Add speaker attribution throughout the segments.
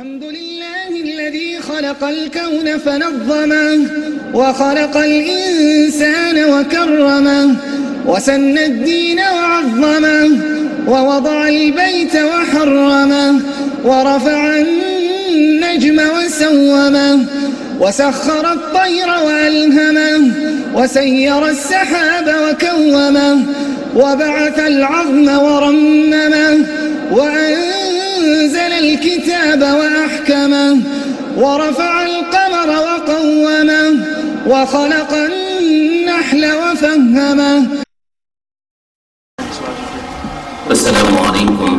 Speaker 1: الحمد لله الذي خلق الكون فنظمه وخلق الإنسان وكرمه وسن الدين وعظمه ووضع البيت وحرمه ورفع النجم وسومه وسخر الطير وألهمه وسير السحاب وكومه وبعث العظم ورممه وأنزل أنزل الكتاب وأحكمه ورفع القمر وقومه وخلق النحل وفهمه السلام عليكم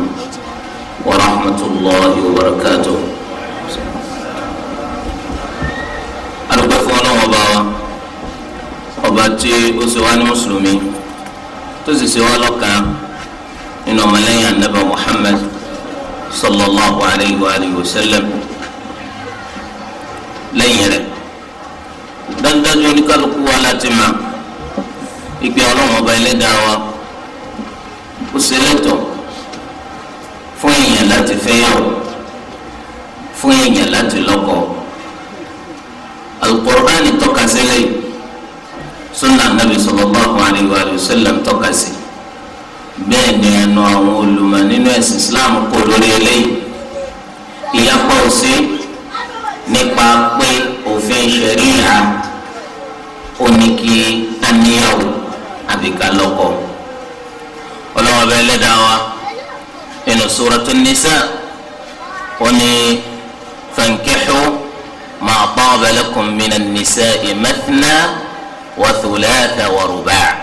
Speaker 1: ورحمة الله وبركاته ti osewani musulumi to sisewa lɔka inu ɔmɛlɛya nabɛ muhammed صلى الله عليه وآله وسلم lẹ́yìn rẹ̀ dájúdájú oníkálukú wa láti máa ìgbé ọlọ́run ọba ẹlẹ́dàá wa ó ṣe lẹ́tọ̀ fún èèyàn láti fẹ́yàwó fún èèyàn láti lọ́kọ Al-Qur'ani tọ́ka sílẹ̀ sunna Nabi sallallahu alaihi wa sallam tọ́ka sí bẹ́ẹ̀ ni ẹnu àwọn olùmọ̀ nínú ẹ̀sìn Islam kò lórí eléyìí ìyapa ò sí nípa pé òfin ṣẹ̀ríyà ó ní kí a níyàwó àbíká lọ́kọ ọlọ́wọ́ bẹ́ẹ̀ lẹ́dàá wa nínú Suratun Nisa ó ní fankihu ma taba lakum minan nisa'i mathna wa thulatha wa ruba'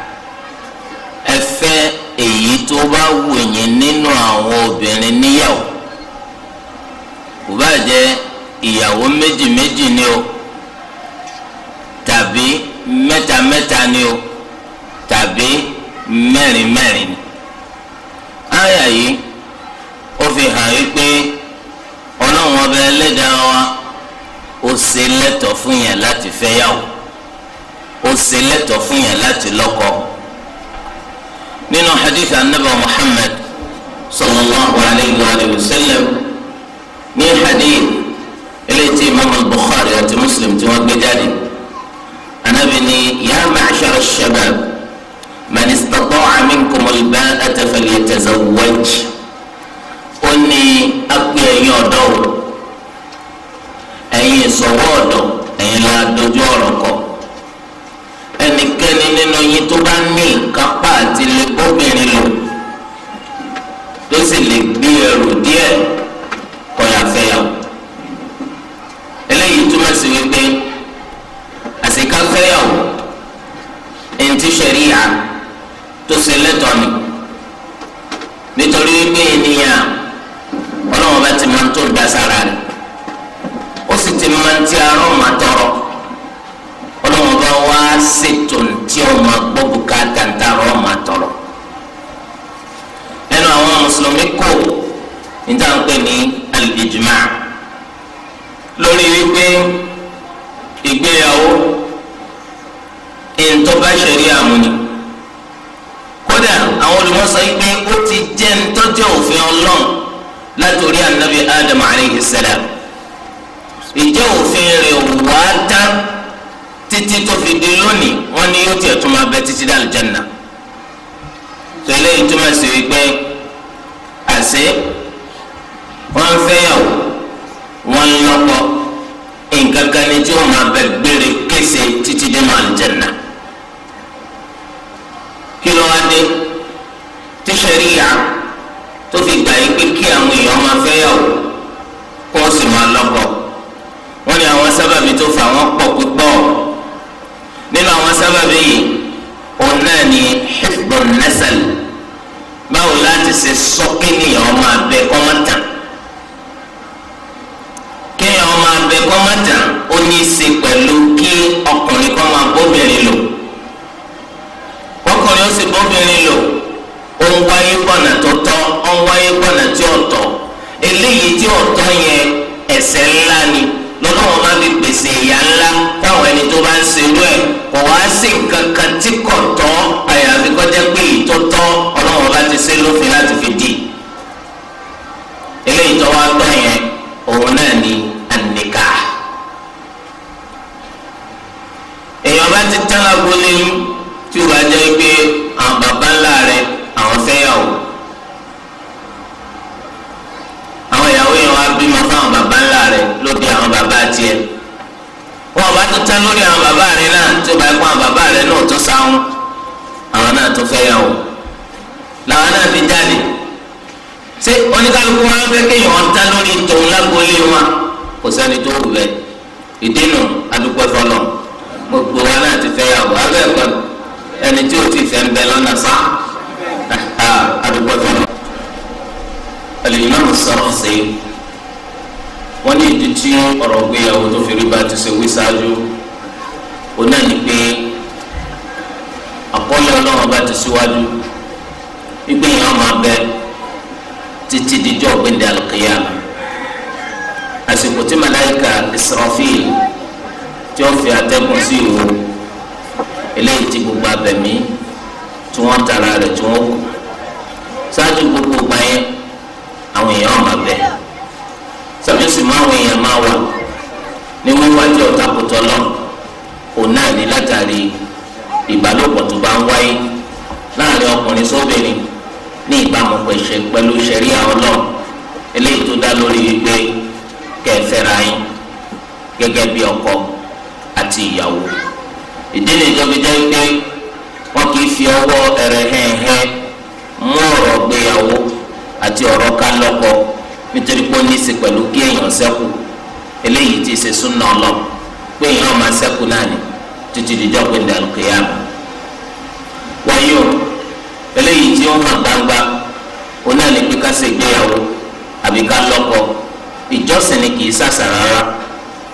Speaker 1: ẹ fẹ́ èyí tó bá wù yín nínú àwọn obìnrin níyàwó kò bá jẹ́ ìyàwó méjì méjì ni o tàbí mẹ́ta mẹ́ta ni o حديث عن النبي محمد صلى الله عليه وآله وسلم من ṣe wọ́n ń fẹ́yàwó wọ́n ń lọ́kọ nǹkan kan ní tí wọ́n máa bẹ gbére kése títí dé màlìjẹ́nà. ìgbé yẹn ọmọ abẹ títí dijọ́ gbẹ̀ndẹ̀ alùkìyàmù àsìkò tí màláìka Israfil tí ó fi atẹ́gùn sí ìwò eléyìí tí gbogbo abẹ̀mí tí wọ́n tara rẹ̀ tí wọ́n kù ṣáájú gbogbo gbà yẹn àwọn èèyàn ọmọ abẹ sàbí sì máa àwọn èèyàn máa wà ní wíwá jẹ́ ọ̀tàkùtọ̀ lọ òun náà ní látàrí ìbálòpọ̀ tó bá ń wáyé láàrin ọkùnrin sóbìnrin. So ní ìbámu pẹ̀sẹ̀ pẹ̀lú ṣẹ̀ríà ọlọ́run eléyìí tó dá lórí wípé kẹfẹ́ra yín gẹ́gẹ́ bí ọkọ àti ìyàwó ìdílé ìjọba jẹ́ pé wọ́n kì í fi ọwọ́ ẹ̀rẹ̀ hẹ́hẹ́ mú ọ̀rọ̀ gbéyàwó àti ọ̀rọ̀ ká lọ́kọ nítorí pé ó ní í ṣe pẹ̀lú kí èèyàn ṣẹ́kù eléyìí ti ṣe súnà lọ pé èèyàn máa ṣẹ́kù náà ni títí dìjọ́ pé dàlùkìyàmù wáyé o eléyìí tí ó hàn gbangba òun náà ní pé ká ṣe ìgbéyàwó àbí ká lọ́kọ ìjọsìn ni kì í sàṣà rárá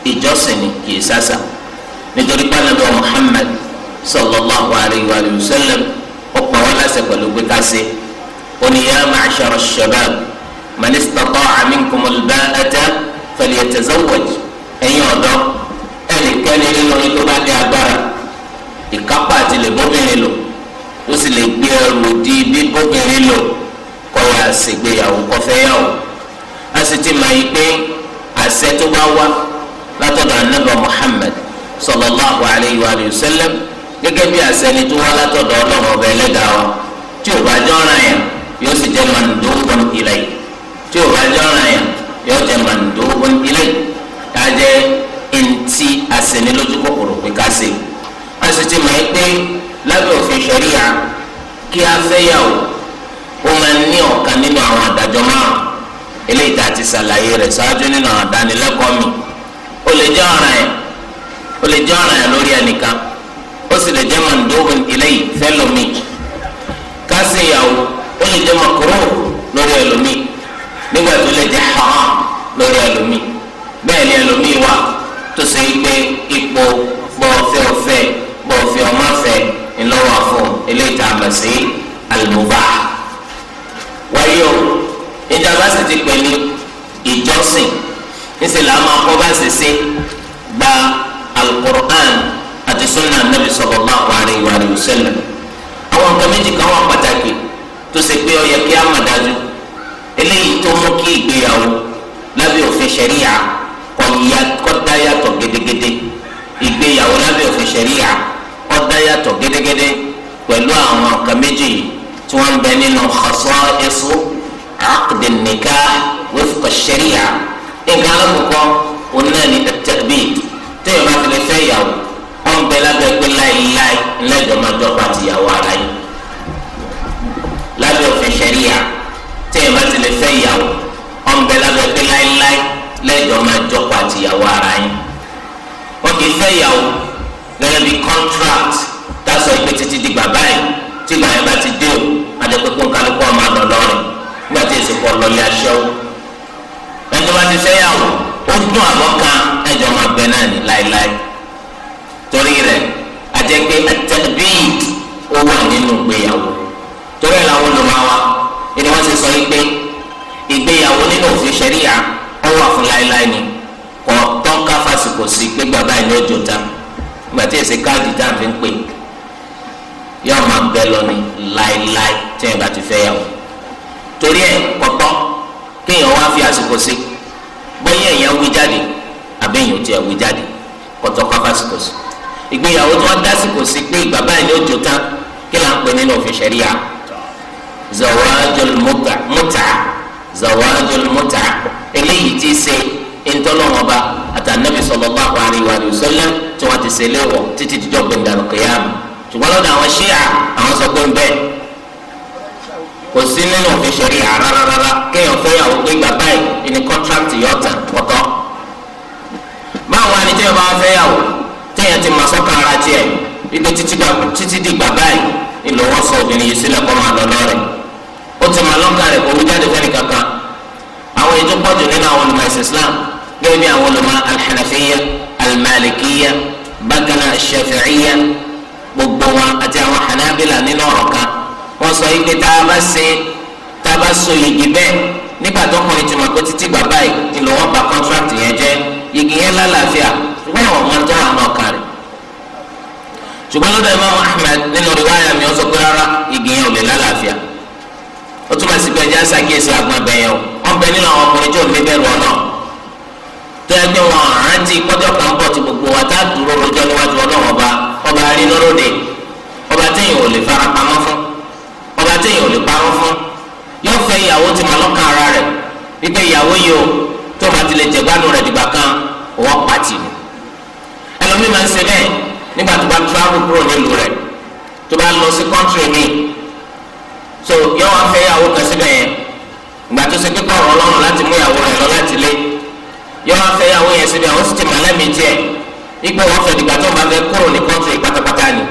Speaker 1: ìjọsìn ni kì í sàṣà nítorí pálọ̀dọ̀ Muhammad sallallahu alayhi wa sallam ó pa wọ́n láṣẹ pẹ̀lú pé ká ṣe oníyà ma'shara shabab man istata'a minkum al-ba'ata falyatazawwaj ẹ̀yin ọ̀dọ́ ẹnikẹ́ni nínú yín ní agbára ìkápá àti lè bóbìnrin lò ó sì lè gbé ẹrù di bíbóbìnrin lò kọ́ wa ṣègbéyàwó kọ́fẹ́yàwó a sì ti máa yí pé àṣẹ tó bá wá látọ̀dọ̀ anábà Muhammad sallallahu alayhi wa sallam gẹ́gẹ́ bí àṣẹni tó wá látọ̀dọ̀ ọlọ́run ọba ẹlẹ́dàá wa tí ò bá jọ́ra yẹn yóò sì jẹ́ mandóbon ilẹ̀ tí ò bá jọ́ra yẹn yóò jẹ́ mandóbon ilẹ̀ ká jẹ́ ntí àṣẹni lójú kòkòrò pé ká ṣe a sì ti máa yí pé lábẹ́ òfin ṣẹ̀ríya kí a fẹ́yàwó ó máa ní ọ̀kan nínú àwọn àdájọ́ márùn eléyìí tá a ti ṣàlàyé rẹ̀ ṣáájú nínú àwọn àdánilẹ́kọ̀ọ́ mi ó lè jẹ́ ọ̀ràn ẹ̀ ó lè jẹ́ ọ̀ràn ẹ̀ lórí ẹnìkan ó sì lè jẹ́ mandobin eléyìí fẹ́lómi ká ṣèyàwó ó lè jẹ́ makoro lórí ẹlòmíì nígbà tó lè jẹ́ haram lórí ẹlòmíì bẹ́ẹ̀ ni ẹlòmíì wà tó ṣe é gbé ipò bọ́ọ̀fẹ́ ọ̀fẹ́ bọ́ọ̀fẹ́ ọmọfẹ́ ńlọ́wọ́ fún eléyìí tá a mọ̀ sí al-mubah wáyé o ìjọba sì ti pè ní ìjọsìn níṣẹ́ là á máa kọ́ bá ṣe ṣe gba al-Qur'an àti sunna nabi sallallahu alaihi wa sallam àwọn nǹkan méjì kan wà pàtàkì tó ṣe pé ó kí a mọ̀ dájú eléyìí tó mú kí ìgbéyàwó lábẹ́ òfin ṣẹ̀ríyà kọ́ dáyàtọ̀ gédégédé ìgbéyàwó lábẹ́ òfin ṣẹ̀ríyà ọdá yàtọ̀ gédégédé pẹ̀lú àwọn nǹkan méjì tí wọ́n ń bẹ nínú khasaisu aqd an-nikah wifqa sharia nǹkan alákòókò òun náà ní at-ta'bid téèyàn bá tilẹ̀ fẹ́ yàwó wọ́n ń bẹ lábẹ́ pé láéláé pàtì yàwó ara yìí lábẹ́ òfin sharia téèyàn bá tilẹ̀ fẹ́ yàwó wọ́n ń bẹ lábẹ́ pé láéláé lẹ́jọ́ máa ara yín wọ́n kì í fẹ́ yàwó gẹ́gẹ́ bí contract tásọ ìpè títí di bàbá yìí tí ìgbà yẹn bá ti dé o adẹ́pẹ́pẹ́ kálukú ọmọ àná lọ́rẹ̀ nígbà tí èsì pọ̀ lọ́lẹ́ aṣẹ́wó ẹni tó bá ti fẹ́yàwó ó dún àbọ̀ kan ẹjọ́ máa bẹ náà ní láéláé torí rẹ̀ ajẹ́pẹ́ àtẹ̀bíì ó wà nínú ìgbéyàwó torí ẹ̀ làwọn olùmọ̀wá ẹni wọ́n ti sọ yìí pé ìgbéyàwó nínú òfin ṣẹ̀ríyà ó wà fún láéláé ni kò tán ká fásikò sí pé bàbá ìlú òjò tán gbàtí ẹsẹ káàdì tá à ń fi ń pè yọ ọmọ abẹ lọ ni láéláé tí ẹ bá ti fẹ́ yàwó torí ẹ kọtọ kéèyàn wá fi àsìkò sí bóyá èèyàn wí jáde àbẹ́yìn ò tiẹ̀ wí jáde kọtọ kọ́ fásìkò sí ìgbéyàwó tí wọ́n dásìkò sí pé ìgbà báyìí ni ó jó tán kí là ń pè nínú òfin ṣẹ̀ríya zawajul muta zawajul muta eléyìí ti ṣe ntọ́lọ́mọba àtànàbì sallallahu alaihi wa sallam tí wọ́n ti ṣe léwọ̀ títí dijọ́ gbẹ̀ngàn kìyàmù ṣùgbọ́n lọ́dọ̀ àwọn ṣíà àwọn sọ pé ń bẹ́ẹ̀ kò sí nínú òfin ṣẹ̀rí àrárárá kéèyàn fẹ́yàwó pé ìgbà báyìí ní kọ́ńtrákìtì yóò tàn ọ̀tọ̀. báwo ni tí yóò bá fẹ́yàwó téèyàn ti mọ̀ sọ́kàn ara tiẹ̀ ibi títí di ìgbà báyìí ìlọ́wọ́ sọ obìnrin yìí sílẹ̀ kọ́ máa lọ lọ́rẹ̀. ó ti mọ̀ lọ́kàn rẹ̀ kò wí jáde fẹ́ni kankan àwọn ètò pọ̀jù nínú àwọn olùmọ̀ ẹ̀sìn Islam gẹ́gẹ́ bí àwọn olùmọ̀ alḥanafiya alimalikiya bákanná shafi'iya gbogbo wọn àti àwọn hanabila nínú ọ̀rọ̀ kan wọ́n sọ yìí pé tá a bá ṣe tá a bá so yìgì bẹ́ẹ̀ nígbà tó kọrin ti mọ̀ pé títí bàbá yìí ni lọ́wọ́ bá kọ́ńtrákì yẹn jẹ́ yìgì yẹn lálàáfíà ṣùgbọ́n àwọn ọmọ tó àwọn ọkàn rẹ̀ ṣùgbọ́n lọ́dọ̀ Imam Ahmed nínú riwaya mi ó sọ pé rárá yìgì yẹn ò lè lálàáfíà ó túmọ̀ sí pé ẹjẹ́ àṣà kíyèsí àgbọn abẹ́yẹn o wọ́n bẹ nínú àwọn ọkùnrin tí ò ní bẹ́ẹ̀ lọ́nà tẹ́gbẹ́ wọn rántí kọjọ́ kan bọ̀ tí gbogbo wa tá a dúró lọ́jọ́ níwájú ọlọ́run ọba ọba arínúróde ọba téèyàn ò lè fara pamọ́ fún ọba téèyàn ò lè parọ́ fún yóò fẹ́ ìyàwó tí màá lọ́kàn ara rẹ̀ wípé ìyàwó yìí o tó bá ti lè jẹ̀gbánu rẹ̀ dìgbà kan òwò pàtì ni ẹlòmíì máa ń ṣe bẹ́ẹ̀ nígbà tó bá travel kúrò nílùú rẹ̀ tó bá lọ sí country mi so yóò wá fẹ́ ìyàwó kan síbẹ̀ yẹn ìgbà tó ṣe pé kọ́ ọ̀rọ̀ ọlọ́run láti mú ìyàwó rẹ̀ lọ láti lé yọ máa fẹ́ yàwó yẹn síbi àwọn sì ti màlẹ́ mi jẹ́ ipò wọn fẹ́ dìgbà tó ń bá fẹ́ kúrò ní kọ́ńtì pátápátá ni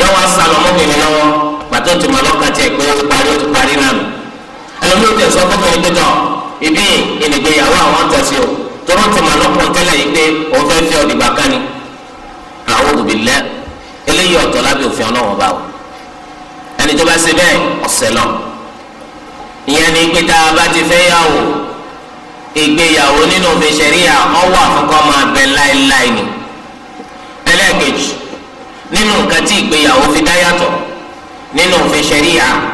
Speaker 1: yọ wọn sálọ mọ́bìnrin lọ́wọ́ gbàtó ti màlọ́ kan jẹ́ pé ó ti parí ó ti parí náà nù ẹlòmí ò tẹ̀sán fún mi pé tán ibi ìnìgbéyàwó àwọn tẹ̀sí o tọ́rọ́ ti màlọ́ kan tẹ́lẹ̀ yìí pé òun fẹ́ fẹ́ ọ̀dìgbà kan ni àwọn òbí lẹ́ eléyìí ọ̀tọ̀ lábẹ́ òfin ọlọ́wọ́ bá o ẹni tó bá ṣe bẹ́ẹ̀ ọ̀sẹ̀ lọ ìyẹn ni pé tá a bá ti fẹ́ yàwó ìgbéyàwó nínú òfin ṣẹ̀ríyà ọwọ́ àfọkọ́ máa láéláé ni ẹlẹ́ẹ̀kejì nínú nǹkan tí ìgbéyàwó fi dá yàtọ̀ nínú òfin ni a yàwó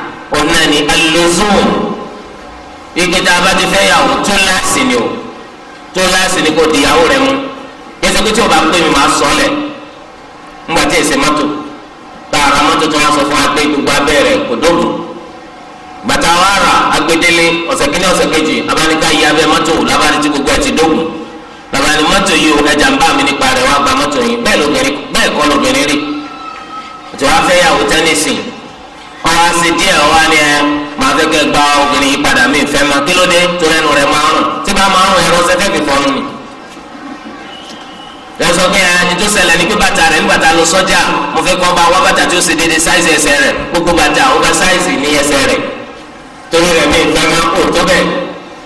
Speaker 1: tó láàsì ni o tó láàsì ni kò di rẹ mú yẹsẹ tí o bá pè mí màá sọ lẹ ńgbà tí èsè mọ́tò bá mọ́tò tó wá sọ fún bàtà wàrà agbedele ọ̀sẹ̀ kìíní ọ̀sẹ̀ kejì abánika yìí abẹ́ mọ́tò labani tí gbogbo ẹ̀ ti dógùn labani mọ́tò yìí o ẹja ń bá mi nípa rẹ̀ wá gba mọ́tò yìí bẹ́ẹ̀ lóbìnrin bẹ́ẹ̀ kọ́ lóbìnrin rí ètò wa fẹ́ yàwó tẹ́nísì wọ́n wá sí díẹ̀ wá ní ẹ máa fẹ́ kẹ́ gba obìnrin yìí padà mí fẹ́ ma kí ló dé tó lẹ́nu rẹ̀ máa rùn tí bá máa rùn ẹ̀rọ sẹ́fẹ́ fi fọ́nù mi. ẹ sọ pé ẹni tó ṣẹlẹ̀ ní pé bàtà rẹ̀ nígbà lọ sọ́jà mo fẹ́ kọ́ bá wá bàtà tó ṣe déédéé sáìsì ẹsẹ̀ rẹ̀ gbogbo bàtà ó bá sáìsì ní ẹsẹ̀ rẹ̀ torí rẹ̀ mi ìgbàgbọ́ kò tó bẹ̀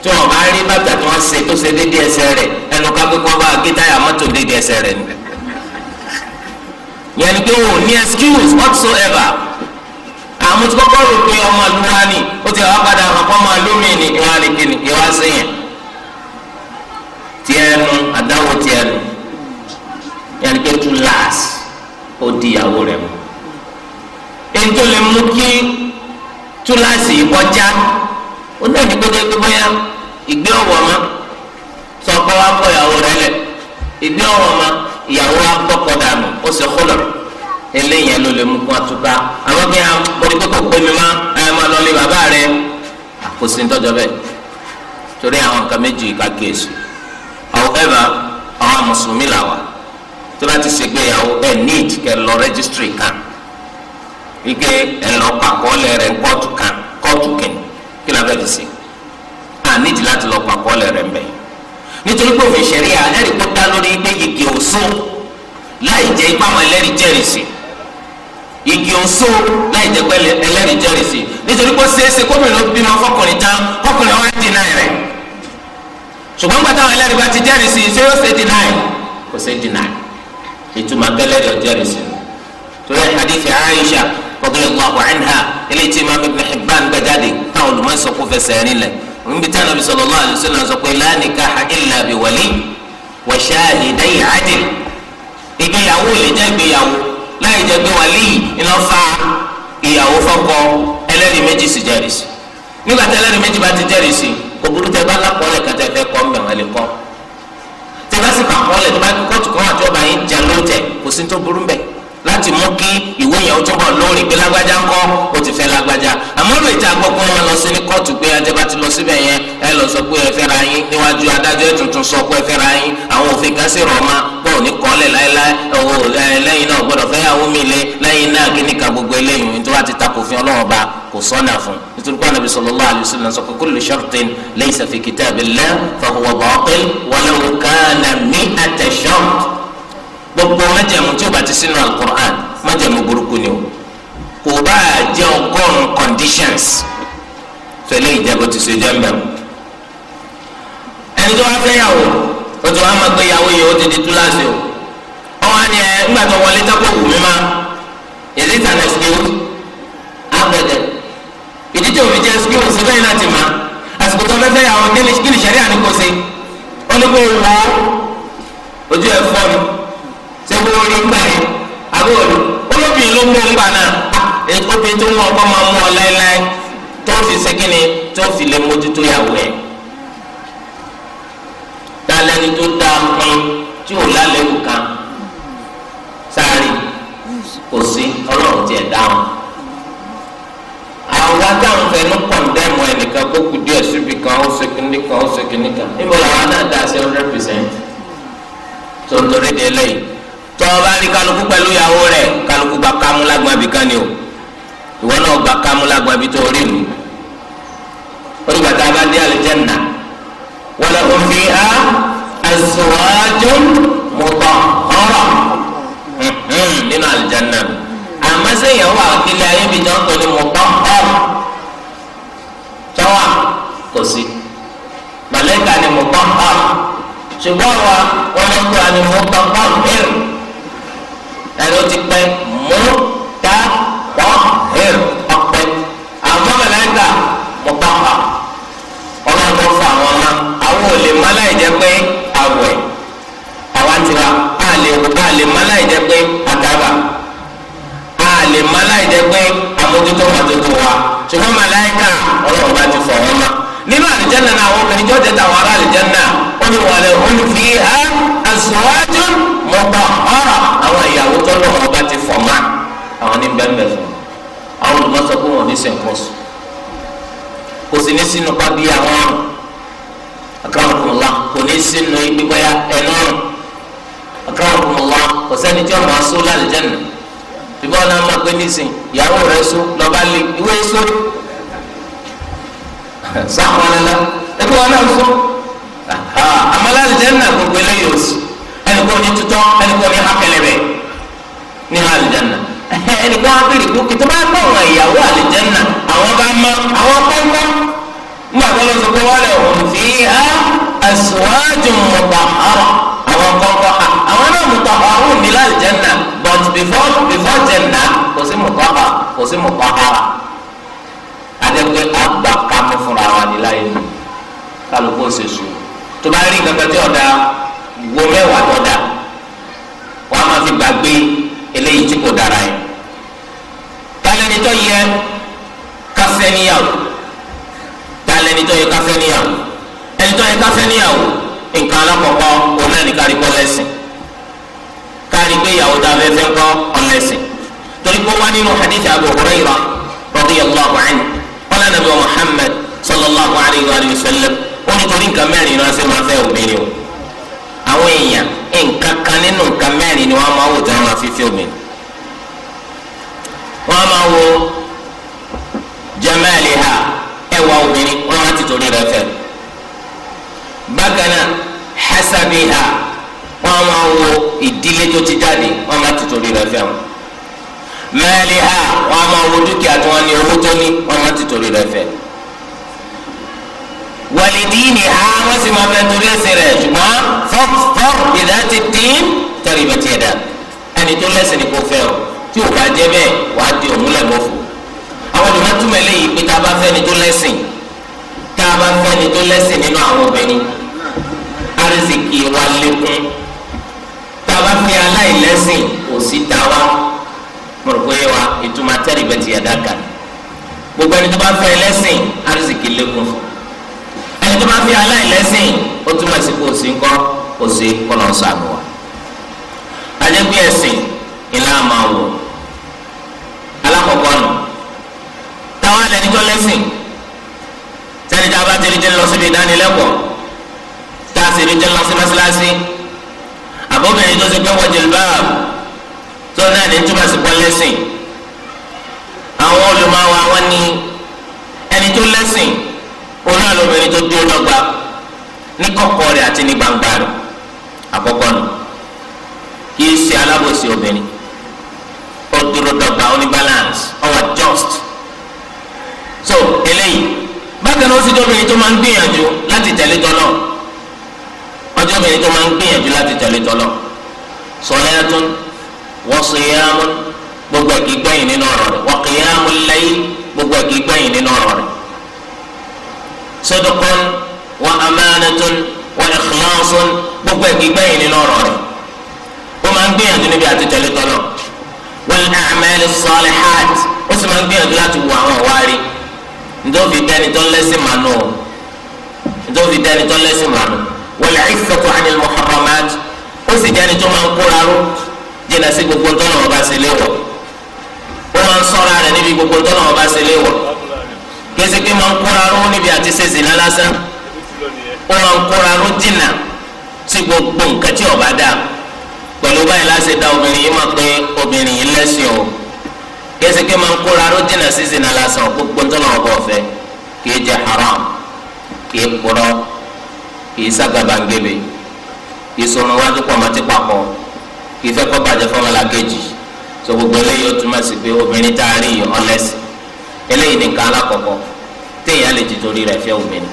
Speaker 1: tí wọn bá rí bàtà tí wọn ṣe tó ṣe déédéé ẹsẹ̀ rẹ̀ ẹnu ká pé kí wọn bá gé táyà mọ́tò déédéé ẹsẹ̀ rẹ̀ níbẹ̀ yẹn ni pé wọn ò ní excuse whatsoever àwọn tí kọ́kọ́ rò pé ọmọ lura ni ó ti àwọn padà hàn kọ́ máa lómi ni ìwà nìkìnnì ìwà sẹ́yìn tiẹ̀ nu àdáwọ̀ tiẹ̀ nu yẹn ni pé tún láàsì ó di ìyàwó rẹ̀ mu èyí tó lè mú kí túláàsì ìkọjá ó náà ní gbọ́dọ̀ pé bóyá ìgbé ọwọ́ ma sọkọ wa kọ ìyàwó rẹ̀ lẹ ìgbé ọwọ́ ma ìyàwó wa gbọkọ dànù ó sì kọlọ eléyìí ló lè mú kó àtúkà àwọn bí wọn bọ́dọ̀ pé kò pé mi má ẹ má lọ lé bàbá rẹ̀ kò sí nítọ́jọ́ bẹ́ẹ̀ torí àwọn nǹkan méjì ká kíyèsí however àwọn mùsùlùmí làwà tó bá ti ṣègbéyàwó ẹ need kẹ lọ rẹ́gísítírì kan wípé ẹnlọpọ àkọọlẹ rẹ kóòtù kan kóòtù kẹn kí la fẹ́ fi ṣe à nídìí láti lọ pọ àkọọlẹ rẹ mbẹ nítorí pé òfin ṣẹ̀ríà ẹ̀rí kó dá lórí pé igi òsó láì jẹ́ ipá àwọn ẹlẹ́rìí jẹ́rìí sí igi òsó láì jẹ́ pé ẹlẹ́rìí jẹ́rìí sí nítorí pé ṣeéṣe kóbìnrin ó bímọ fọkùnrin tán fọkùnrin ọ̀hún ẹ̀ dín náà rẹ̀
Speaker 2: ṣùgbọ́n gbàtà àwọn ẹlẹ́rìí bá ti jẹ́rìí sí ṣé yóò ṣe dín náà
Speaker 1: kò ṣe dín náà ìtumọ̀ akẹ́lẹ́rìí ọ̀jẹ̀rìí sí torí àdìsí Aisha radiyallahu anha eléyìí tí imaam ibn hibban gbẹ jáde táwọn olùmọ̀ sọ kó fẹsẹ̀ rìn lẹ̀ níbi tí anabi sallallahu alaihi wasallam sọ pé la nikaha illa bi wali wa shahiday adil ìgbéyàwó lè jẹ́ ìgbéyàwó láì jẹ́ pé wali iná fa ìyàwó fọ́kọ ẹlẹ́rìí méjì sì jẹ́rìsì nígbà tí ẹlẹ́rìí méjì bá ti jẹ́rìsì kò burú tẹ bá lápọ̀ọ́lẹ̀ láti mú kí ìwé yẹn ó túbọ̀ lórí pé lágbájá ńkọ́ ó ti fẹ́ lágbájá àmọ́ lóye tí a gbọ́ pé wọ́n lọ sí ní kóòtù pé ajẹ́ bá ti lọ síbẹ̀ yẹn ẹ lọ sọ pé ẹ fẹ́ ra yín níwájú adájọ́ ẹ̀ tuntun sọ pé ẹ fẹ́ ra yín àwọn òfin kan sì rọ̀ ma pé òní kọ́lẹ̀ láéláé owó lẹ́yìn náà gbọ́dọ̀ fẹ́ yàwó mi lé lẹ́yìn náà kí ní ka gbogbo eléyìí tó bá ti takò fún ọlọ́wọ́ bá kò sọ́nà fún nítorí pé anabi sallallahu alayhi wa sọ pé kullu shartin laysa fi kitabillah fa huwa batil wa law kana mi'ata shart gbogbo májẹ̀mú tí o bá ti sínú alukur'an májẹ̀mú burúkú ni o kò bá jẹ́ ọgọ́rùn conditions tẹ̀lé ìjẹ́bù ti ṣe jẹ́ mbẹ́mu. ẹni tó wá fẹ́ yàwó o tó wá máa gbé yàwó yìí o ti di túláàsì o ọ̀hún ni ẹ ńgbà tó wọlé tó kó wù mí má is it an excuse? abẹ́dẹ̀ ìdí tí omi jẹ́ excuse ṣe bẹ́ẹ̀ láti má àsìkò tó fẹ́ fẹ́ yàwó kí ni sẹ́rí àníkó ṣe ó ní kó wọ́ ojú ẹ̀ fọ́ mi sẹ́gun orí ń gbà yẹn abóòlù olóbìnrin ló mú ńgbà náà obìnrin tó mú ọkọ máa mú ọ láéláé tó fi sẹ́kìnì tó fi lè mójútó yàwó ẹ̀ dalẹ́ni tó dáa pín tí ò lálẹ́ wù kan sáré kò sí ọlọ́run tiẹ̀ dáhùn àwọn adáhùn fẹnu kọ̀ǹdẹ́mù ẹnìkan kó kù díẹ̀ síbi kan ó ṣe kínní kan ó ṣe kínní kan níbo làwọn náà dá sí hundred percent tó ń torí de lẹ́yìn tọ́ọ̀bá ní kálukú pẹ̀lú ìyàwó rẹ̀ kálukú gba kámú lágbọ̀n abì kan ni o ìwọ náà gba kámú lágbọ̀n abì tó rí mi olùgbà tá a bá dé àlùjánnà walahum fiha azwajun mutahhara nínú àlùjánnà àmọ́ sẹ́yìn wà kílẹ̀ ayé bíi tó ń tọ́ ni mutahhara tọ́wà kò sí màlẹ́kà ni mutahhara ṣùgbọ́n wa wọn lọ́kùnrin ni mutahhara mẹ́rin ẹni ó ti pẹ́ mú dá wọ́ hẹ́rù ọ̀pẹ àwọn mọ̀lẹ́ta mọ̀ pàpà ọlọ́run tó fa àwọn ọmọ àwọn ò lè mọ́lá ìjẹ́ pé àwẹ̀ àwa tiwa a lè a lè mọ́lá ìjẹ́ pé àtàbà a lè mọ́lá ìjẹ́ pé àmójútó màtótó wa ṣùgbọ́n mọ̀lẹ́ta ọlọ́run bá ti fọ̀ wọ́n mọ́ nínú àlìjẹ́nà náà àwọn obìnrin jọ́jẹ́ táwọn ará àlìjẹ́nà ó ní wọ́n lè hún fi hàn azuwájú mọ̀tọ̀ ọ̀rọ̀ àwọn ìyàwó tó lọ́wọ́ ọba ti fọ̀ máa àwọn ní bẹ́ẹ̀ fún àwọn olùmọ̀sọ pé wọn ò ní sẹ́ńkọ́ sùn kò sí ní sínú pàbí àwọn ọ̀rùn akọ̀rọ̀kùnmọ̀lá kò ní sínú ìgbégbáyà ẹnu ọ̀rùn akọ̀rọ̀kùnmọ̀lá kò sẹ́ni tí wọ́n máa sún lálẹ́jẹ̀nù bíbá ọ̀nà máa pé nísìn ìyàwó rẹ̀ sún lọ́ba lé ìwé sún sáwọn ọ̀nà lọ ẹgbẹ́ wọn náà sún alìjẹ́nà gbogbo eléyìí ò sí ẹnìkan ní tutọ́ ẹnìkan ní hakẹlẹbẹ ní alìjẹ́nà ẹnìkan abiri kúkì tó bá kọ́ ọ̀rọ̀ ìyàwó alìjẹ́nà àwọn bá mọ àwọn kọ́ńkọ́ nígbà tó lọ sọ pé wọ́n lè wọ́n fi á aswajun mutahhara àwọn kọ́ńkọ́ àwọn náà mutahharun ní alìjẹ́nà but before before jẹ́nà kò sí mutahhara kò sí mutahhara adẹ́gbẹ́ agbàkámi fúnra wa ní láyé kálukú ó ṣe sùn tó bá rí nǹkan kan tí ọ̀dà wo mẹ́wàá tó dà wàá máa fi gbàgbé eléyìí tí kò dára yẹn. tálẹ́ni tó yẹ káfẹ́ níyàwó tálẹ́ni tó yẹ káfẹ́ níyàwó ẹni tó yẹ káfẹ́ níyàwó nǹkan alákọ̀ọ́kọ́ òun náà ní kárí kọ́ lẹ́sìn kárí pé ìyàwó tá a fẹ́ fẹ́ kọ́ ọ̀lẹ́sìn torí kó wá nínú hadith Abu Hurairah radiyallahu anhu qala nabi Muhammad sallallahu alayhi wa sallam wọ́n nítorí nǹkan mẹ́rin ni wọ́n ṣe máa fẹ́ obìnrin o àwọn èèyàn nǹkan kan nínú nǹkan mẹ́rin ni wọ́n máa wò tí wọ́n máa fi fẹ́ obìnrin wọ́n máa wo jamaliha ẹwà obìnrin wọ́n máa ti torí rẹ̀ fẹ́ bákan náà hasabiha wọ́n máa wo ìdílé tó ti jáde wọ́n máa ti torí rẹ̀ fẹ́ wọn maliha wọ́n máa wo dúkìá tí wọ́n ní owó tó ní wọ́n máa ti torí rẹ̀ fẹ́ wàlídìínì ha wọ́n sì máa bẹ torí ẹsẹ̀ rẹ̀ ṣùgbọ́n fọ́fọ́r ìdá ti dín tẹ̀rí bẹ̀ tiẹ̀ dà ẹni tó lẹ́sìn ní kò fẹ́ o tí o bá jẹ́ bẹ́ẹ̀ wàá di òmùlẹ̀ bọ̀ fún àwọn olùmọ̀ túmọ̀ eléyìí pé tá a bá fẹ́ ni tó lẹ́sìn tá a bá fẹ́ ni tó lẹ́sìn nínú àwọn obìnrin arísìkì wa lékún tá a bá fi aláìlẹ́sìn kò sí ta wa mo rò pé wa ìtumọ̀ tẹ̀rí bẹ̀ tiẹ̀ kan gbogbo ẹni tó bá fẹ́ lẹ́sìn arísìkì lékún fún ẹni tó máa fi aláìlẹ́sìn ó túmọ̀ sí kò sí ńkọ́ kò sí kọ́nà sànù wa. ajẹ́pé ẹ̀sìn ìlà máa wò alákọ̀ọ́kọ́ nù táwọn alẹ́ níjọ́ lẹ́sìn sẹ́ni tá a bá tẹ̀lé jẹ́ lọ síbi ìdánilẹ́kọ̀ọ́ tá a sì rí jẹ́ lọ sí mọ́sálásí àbọ̀bìnrin tó ti pẹ́ wọ jìlbáàbù tó náà ní túmọ̀ sí pọ́ lẹ́sìn àwọn olùmọ̀ wa wọ́n ní ẹni tó lẹ́sìn òun náà lóbìnrin tó dúró dọ́gba ní kọ̀kọ̀ rẹ̀ àti ní gbangba rẹ̀ àkọ́kọ́ nù kì í ṣe alábòsí obìnrin ó dúró dọ́gba ó ní balance ó just so eléyìí bákan náà ó sì dọ́bìnrin tó máa ń gbìyànjú láti tẹ̀lé tọ́lọ̀ ọjọ́ obìnrin tó máa ń gbìyànjú láti tẹ̀lé tọ́lọ̀ sọlẹ́tún wọ́sọ̀yàmù gbogbo ẹ̀kí gbẹ̀yìn nínú ọ̀rọ̀ rẹ̀ wọ́kìyàmù lẹ́yìn gbogbo ẹ̀kí gbẹ̀yìn nínú ọ̀rọ̀ rẹ̀ sadqun wa amanatun wa ikhlasun gbogbo ẹ̀ gbígbẹ́ yìí nínú ọ̀rọ̀ rẹ̀ ó máa ń gbìyànjú níbi àti tẹ̀lé tọ́lọ̀ wal a'mal as-salihat ó sì máa ń gbìyànjú láti wo àwọn àwárí ntòfi dẹni tó lẹ́sìn mànú ntòfi dẹni tó lẹ́sìn mànú wal 'iffatu 'anil muharramat ó sì dẹni tó máa ń kóra ró jìnnà sí gbogbo tọ́lọ̀ ọba sílé wọ̀ ó máa ń sọ́ra rẹ̀ níbi gbogbo tọ́lọ̀ ọba sílé wọ̀ kẹsí pé máa ń kóra ró níbi àti ṣe zina lásán ó máa ń kóra ró dìnnà sí gbogbo nǹkan tí ọba dá pẹ̀lú báyìí láti da obìnrin yìí máa pé obìnrin yìí lẹ́sìn o kẹsí pé máa ń kóra ró dìnnà sí lásán gbogbo tó náà bọ̀ fẹ́ kì í jẹ haram kì í kúrọ́ kì í ságabàǹgẹ̀bẹ̀ kì í sọnù wájú pọ̀ mọ́tí papọ̀ kì í fẹ́ kọ́ bàjẹ́ fọmọlá kejì so gbogbo eléyìí ó túmọ̀ sí pé obìnrin tá a rí ọlẹ́sìn eléyìí ni nǹkan alákọ̀ọ́kọ́ téèyàn lè ti torí rẹ̀ fẹ́ obìnrin.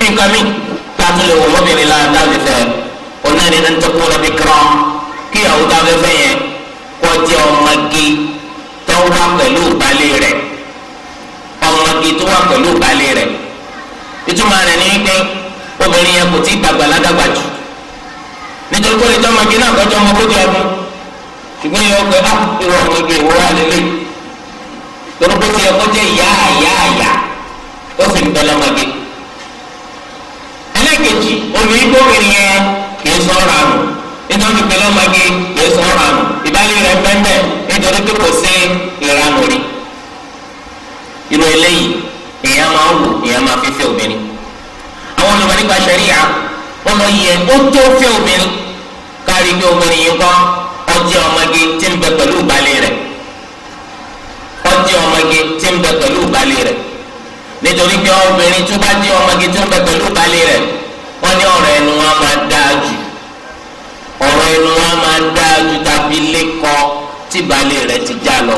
Speaker 1: nǹkan mi tààtú lè wọ lóbìnrin lára dáàbì fẹ́ onáni ní tó kúrò bí kírán kí àwọn dáàbì fẹ́ yẹn kọ́ jẹ́ ọmọge tó wá pẹ̀lú ìbálẹ̀ rẹ̀ ọmọge tó wá pẹ̀lú ìbálẹ̀ rẹ̀ ìtumọ̀ rẹ̀ ní pé obìnrin yẹn kò tí ì dàgbà ládàgbà jù nítorí kó lè jẹ́ ọmọge náà kọjá ọmọ ogójì ọdún ṣùgbọ́n yẹn ó pẹ́ torí bó tilẹ̀ kó jẹ́ ìyá àyá àyá ó sì ń bẹ lọ́mọdé. ẹlẹ́kejì omi ìgbóhìn yẹn kìí sọ̀rọ̀ àrùn nítorí pé lọ́mọdé kìí sọ̀rọ̀ àrùn ìbálẹ̀ rẹ̀ bẹ́ẹ̀ nítorí pé kò sí ìranù rí. irú eléyìí èèyàn máa ń wù èèyàn máa fi fẹ́ obìnrin. àwọn olùmọ̀ nípa ṣẹ̀ríyà wọ́n lọ yẹ ó tó fẹ́ obìnrin kárí pé obìnrin yìí kọ́ ọjọ́ ọmọge tí ń bẹ pẹ̀lú ìbálẹ̀ rẹ̀ jẹ́ ọmọge tí ń bẹ pẹ̀lú ìbálẹ̀ rẹ̀ nítorí pé obìnrin tó bá jẹ́ ọmọge tí ń bẹ pẹ̀lú ìbálẹ̀ rẹ̀ wọ́n ní ọ̀rọ̀ ẹnu wa máa dáa jù ọ̀rọ̀ ẹnu wa máa dáa jù tàbí lẹ́kọ̀ọ́ tí ìbálẹ̀ rẹ̀ ti já lọ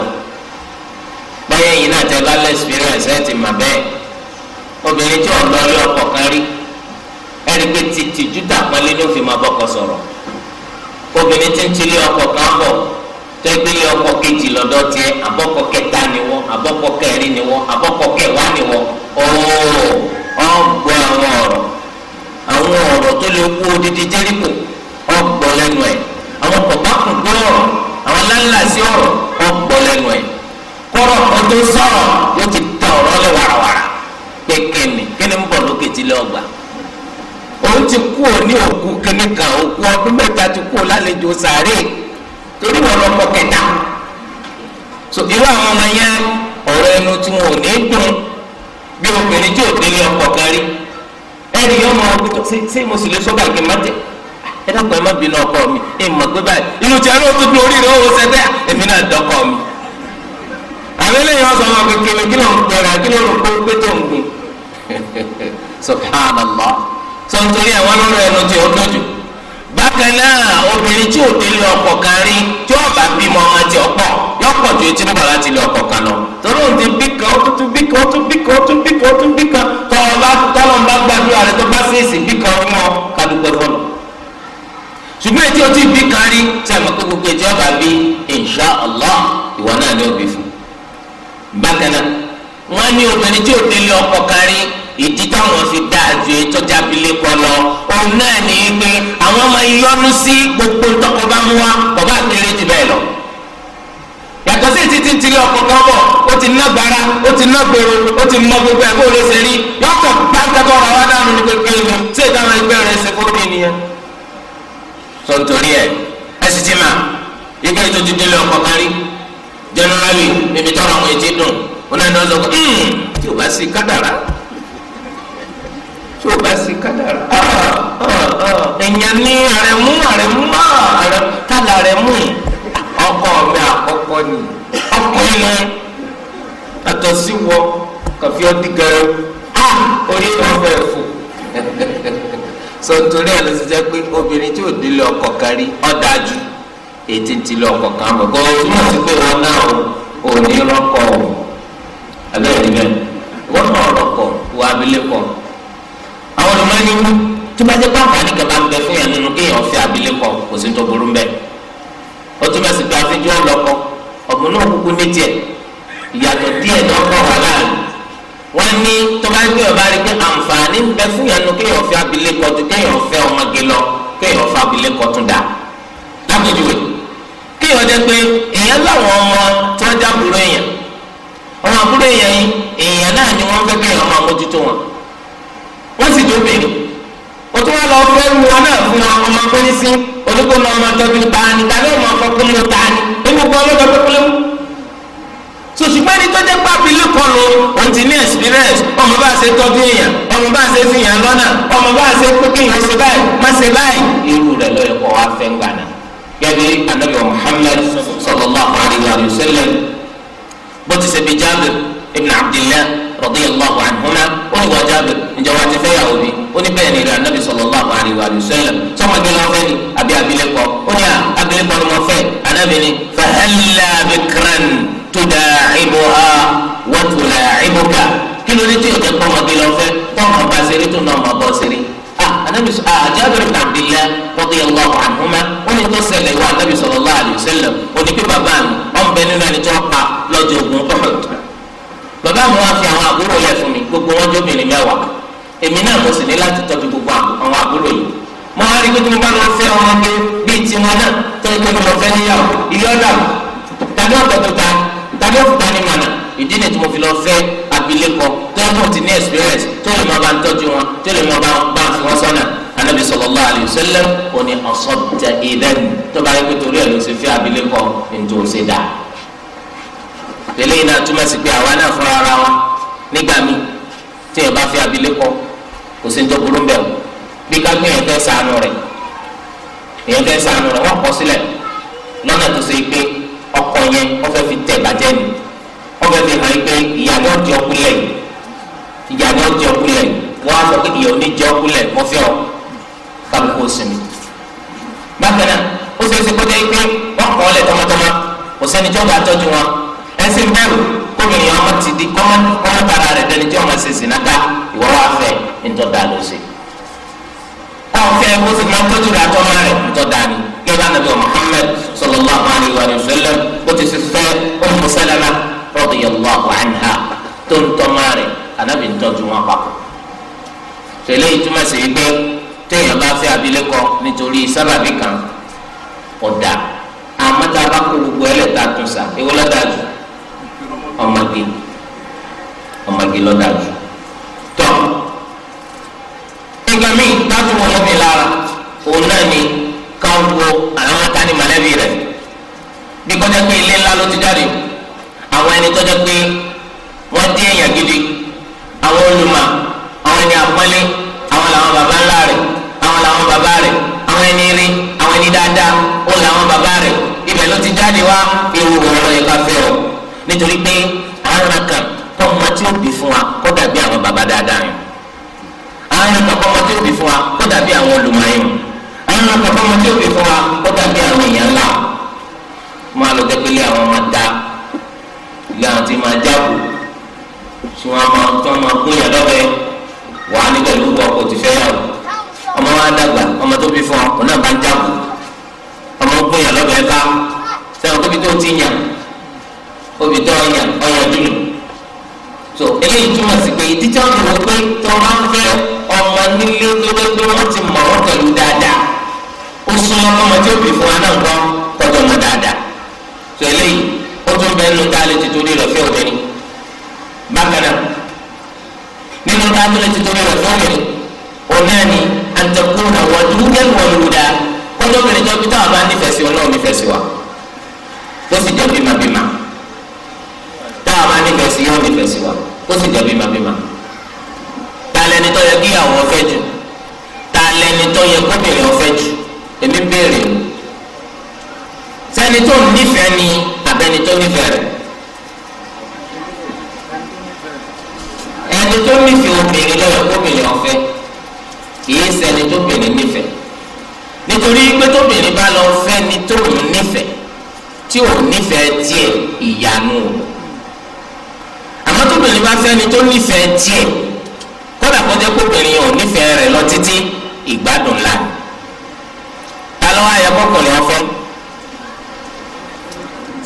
Speaker 1: báyẹn yìí náà tẹ́ bá lẹ́sìpírẹ́ǹsì ẹ̀ ti mà bẹ́ẹ̀ obìnrin tí ọ̀dọ́ ilé ọkọ̀ kan rí ẹ̀rí pé tìtìjú dàpọ́nlé ló fi máa bọ́kọ sọ̀rọ̀ obìnrin tí ń tilé ọkọ̀ kan bọ̀ tẹ́gbẹ́lẹ́ ọkọ̀ kejì lọ́dọ̀ tiẹ̀ abọ́kọ̀ kẹta ni wọ́n abọ́kọ̀ kẹrin ni wọ́n abọ́kọ̀ kẹwàá ni wọ́n ọ̀ọ́ ọ̀gbọ́ àwọn ọ̀rọ̀ àwọn ọ̀rọ̀ tó lè kú odidi jẹ́ríkò ọ̀gbọ́ lẹ́nu ẹ̀ àwọn kọ̀bákùn gbọ́ ọ̀rọ̀ àwọn lálàsí ọ̀rọ̀ ọ̀gbọ́ lẹ́nu ẹ̀ kọ́rọ̀ ọdún sọ̀rọ̀ yóò ti ta ọ̀rọ̀ lẹ̀ wàràwàrà pé kíni torí wọn lọ kọ kẹta so irú àwọn ọmọ yẹn ọ̀rọ̀ ẹnu tí wọn ò ní dùn bí obìnrin tí ò délé ọkọ kan rí ẹni yọ ọmọ ọgbẹ ṣé ṣé mo sì lè sọ báyìí kí n má tẹ ẹ dàpọ̀ ẹ má bínú ọkọ mi ẹ mọ̀ pé báyìí inú tí a ló tuntun orí rẹ ó sẹ́dẹ̀ èmi náà dọ́kọ̀ mi àwọn eléyìí wọn sọ wọn kékeré kí ló ń pẹ̀rẹ̀ kí ló ń pé tó ń gbìn subhanallah sọ nítorí ẹ̀ wọ́n lọ́rọ̀ ẹnu tí ó dójú bákan náà obìnrin tí ò délé ọkọ kan rí tí ó bá bímọ ọmọ tí ọ̀pọ̀ yọ pọ̀ ju etí nígbà láti lé ọkọ kan lọ torí òun ti bí kan ó tún tún bí kan ó tún bí kan ó tún bí kan ó tún bí kan tọ́lọ́ tọ́lọ́ ń bá gbàdúrà rẹ tó bá ṣèèṣì bí kan fún ọ ṣùgbọ́n etí o ti bí kan rí tí a mọ̀ pé gbogbo etí ọba bí insha allah ìwọ náà ni ó bí fún bákan náà wọ́n ní obìnrin tí ò délé ọkọ kan rí ìdí táwọn fi dáa ju ìtọ́jà abilé kọ lọ òun náà ní í pé ọmọ gbogbo tọkọ mú wa bàbá kéré jù bẹ́ẹ̀ lọ. yàtọ̀ sí ti ná gbára ti ná gbèrò ti mọ gbogbo ẹ̀ kó o lè ṣe rí ọ̀rọ̀ wa ní pépé mi tí èdè àwọn ẹgbẹ́ rẹ̀ ṣe fún mi nìyẹn. sọ nítorí ẹ ẹ sì ti mà ìgbà ètò ìdílé ọkọ̀ kan tó bá sì kádàrá èèyàn ní àrẹ̀mú àrẹ̀mú àrẹ̀ tálà àrẹ̀mú ọkọ mi àkọ́kọ́ ni ọkọ inú àtọ̀ sí wọ kàfí ọdí gẹrẹ orí ọfẹ ẹfọ sọ nítorí ẹ ló ti jẹ pé obìnrin tí ò délé ọkọ kárí ọdájú ètí ti lọ ọkọ kan bọ kọ túmọ̀ sí pé wọn náà ò ní rọkọ o abẹ́rẹ́ bẹ́ẹ̀ wọ́n náà rọkọ wọ abilékọ ní tó bá jẹ́ pàǹfà ní kẹfà ń bẹ fún yàn nínú kéèyàn fẹ́ abilékọ kò sí tó burú mbẹ ó túmọ̀ sí pé afẹ́jọ́ ọlọ́kọ ọ̀gbun náà kúkú ní tiẹ̀ ìyàtọ̀ díẹ̀ náà kọ̀ wá láàrin wọ́n ní tó bá jẹ́ ọba rí pé àǹfààní ń bẹ fún yàn nínú kéèyàn fẹ́ abilékọ tó kéèyàn fẹ́ ọmọge lọ kéèyàn fẹ́ abilékọ tún dà lápẹjùwe kéèyàn jẹ́ pé èèyàn láwọn ọmọ tí wọ́n jábùrú èèyàn ọmọ àbúrò èèyàn yìí èèyàn náà ni wọ́n fẹ́ kéèyàn máa mójútó wọn wọ́n sì tóbi o tún wá lọ fẹ́ ru wọn náà fún wọn ọmọ akọ́ni sí oníkó náà ọmọ tọ́jú tani tani ọmọ akọ́kùn ló tani nínú kan ọlọ́dọ̀ pẹ́pẹ́lẹ́ mú. sòṣùgbọ́n ẹni tó jẹ́ pápí lẹ́kọ̀ọ́ lo òun ti ní experience ọmọ bá ṣe tọ́jú èèyàn ọmọ bá ṣe fi yàn lọ́nà ọmọ bá ṣe pé kí èèyàn ṣe báyìí má ṣe báyìí. irú rẹ̀ ló yẹ kó wá fẹ́ gbàna gẹ́gẹ́ anabi Muhammad sallallahu alayhi wa sallam bó ti ṣe ibn Abdillah radiyallahu anhuma ó ní wọ́n jábẹ̀ ǹjẹ́ wọ́n ti fẹ́yàwó bí ó ní bẹ́ẹ̀ ni rẹ̀ anabi sallallahu alayhi wa sallam sọ́mọ gbé lọ́wọ́ fẹ́ ni àbí abilékọ ó ní abilékọ ni mo fẹ́ anabi ni fahalla bikran tudaa'ibuha wa tulaa'ibuka kí ló dé tí o jẹ́ pọ́nmọ́ gbé lọ́wọ́ fẹ́ pọ́nmọ́ bá ṣeré tó náà mọ́ bọ́ ṣeré anabi ah, ah, Jabir ibn Abdillah radiyallahu anhuma ó ní tó ṣẹlẹ̀ wá anabi sallallahu alayhi wa sallam ó ní pé bàbá mi bàbá mi wá fi àwọn àbúrò lẹ̀ fún mi gbogbo wọn jó obìnrin mẹ́wàá èmi náà mo sì ní láti tọ́jú gbogbo àwọn àbúrò yìí mo á rí gbogbo bá lọ fẹ́ ọmọ pé bíi tiwọn náà tó ń gbẹmí lọ fẹ́ níyàwó ilé ọ̀dà tàbí ọ̀tọ̀ tó ta tàbí òkúta ní mànà ìdí ni tí mo fi lọ fẹ́ abilékọ tó ń bọ̀ ti ní experience tó lè máa bá ń tọ́jú wọn tó lè máa bá ń fi wọn sọ́nà anabi sallallahu alayhi lélẹ́yìn náà túmọ̀ sí pé àwa náà fúnra ara wa nígbà míì tí yẹn bá fi abilékọ kò sí ní tó burú bẹ́ẹ̀ o bí ká gbé yẹn fẹ́ sànù rẹ̀ yẹn fẹ́ sànù rẹ̀ wọ́n kọ sílẹ̀ lọ́nà tó ṣe pé ọkọ yẹn wọ́n fẹ́ fi tẹ̀ bàjẹ́ ni wọ́n fẹ́ fi hàn yín pé ìyàwó ọ̀dì ọkùnlẹ̀ ìyàwó ọ̀dì ọkùnlẹ̀ wọ́n á sọ pé ìyàwó ní jẹ́ ọkùnlẹ̀ mọ́ fẹ́ ọ kálukú sinmi. bákan náà ó ṣe é ṣe kó dé pé wọ́n kọ́ ọ ẹ sì ń bẹ̀rù kóbìnrin ọmọ ti di kọ́mọ́tara rẹ̀ dẹni tí ọmọ ṣe sì náà ká ìwọ wá fẹ́ ntọ́da ló ṣe. ọ̀fẹ́ bó ti máa ń tọ́jú rẹ̀ àtọ́mọ́ rẹ̀ ntọ́da ni gẹ́gẹ́ nàbí Muhammad sallallahu alayhi wa sallam bó ti ṣe fẹ́ Ummu Salama radiyallahu anha tó ń tọ́mọ́ rẹ̀ anábì ń wọn papọ̀. tẹ̀lé ìtumọ̀ sí i pé téèyàn bá fẹ́ abilékọ nítorí sábàbí kan ọ̀dà àmọ́ta bá kó gbogbo ẹlẹ́ta tún sa ewúlọ́dà jù ọmọge ọmọge lọ́dà jù tọ́ nǹkan míì láti wọ́n mọ́ mi lára òun náà ni káwọn wo àwọn akáni mọ̀lẹ́bí rẹ̀ bí kọjá pé ilé ńlá ló ti jáde àwọn ẹni kọjá pé wọ́n dé èèyàn gidi àwọn olùmọ̀ àwọn ẹni àpọ́nlé àwọn làwọn bàbá ńlá rẹ̀ àwọn làwọn bàbá rẹ̀ àwọn ẹni rí àwọn ẹni dáadáa ó làwọn bàbá rẹ̀ ibẹ̀ ló ti jáde wá ewu òun ló yẹ nítorí pé àárọ̀ kan kọ́ ọmọ tí ó bí fún wa kó dàbí àwọn baba dáadáa yẹn àárọ̀ kan kọ́ ọmọ tí ó bí fún wa kó dàbí àwọn olùmọ̀ọ́yìn àárọ̀ kan kọ́ ọmọ tí ó bí fún wa kó dàbí àwọn èèyàn ńlá máa lọ dẹ́pẹ́lẹ́ àwọn ọmọ ta ilé àwọn tí máa jáàbò tí wọ́n máa tó máa kún yàn wà á níbẹ̀ lóko ọkọ̀ ti fẹ́ yàwó ọmọ wa dàgbà ọmọ tó bí fún ọ náà bá ń ọmọ kún yàn lọ́bẹ̀ ká sẹ́wọ̀n tóbi tó ti yàn obì tó ọyàn ọyàn dùn so eléyìí túmọ̀ sí pé títí wọn kò pé tó máa ń fẹ́ ọmọ nílé tó lé pé wọ́n ti mọ̀ wọ́n pẹ̀lú dáadáa ó súnmọ́ ọmọ tí ó bì fún wa náà gbọ́ kọjọ mọ̀ dáadáa so eléyìí ó tún bẹ́ẹ̀ ló dá lè ti torí rẹ̀ fẹ́ obìnrin bákan náà nínú dá lè ti torí rẹ̀ fẹ́ obìnrin òun ni àtẹkùn àwọn dúdú ẹ̀wọ̀n lù dáa kọjọ́ obìnrin jọ́ bí táwọn bá nífẹ̀ẹ́ sí ọlọ́run nífẹ̀ẹ́ sí wa nífẹ̀ẹ́ sí yóò nífẹ̀ẹ́ sí wa kó sì jẹ́ bímabíma ta lẹni tó yẹ kí ìyàwó ọfẹ́ jù ta lẹni tó yẹ kóbìnrin ọfẹ́ jù èmi béèrè o sẹ́ni tó nífẹ̀ẹ́ ni abẹ́ni tó nífẹ̀ẹ́ rẹ̀ ẹni tó nífẹ̀ẹ́ obìnrin ló yẹ kóbìnrin ọfẹ́ kìí sẹ́ni tó bìnrin nífẹ̀ẹ́ nítorí pé tóbìnrin bá lọ fẹ́ ni tó nífẹ̀ẹ́ tí ò nífẹ̀ẹ́ tiẹ̀ ìyanu o àmọ́ tóbìnrin bá fẹ́ ni tó nífẹ̀ẹ́ tiẹ̀ kódà kó jẹ́ kóbìnrin yẹn ò nífẹ̀ẹ́ rẹ̀ lọ títí ìgbádùn ńlá ta ló wá yẹ kọkùnrin ọfẹ́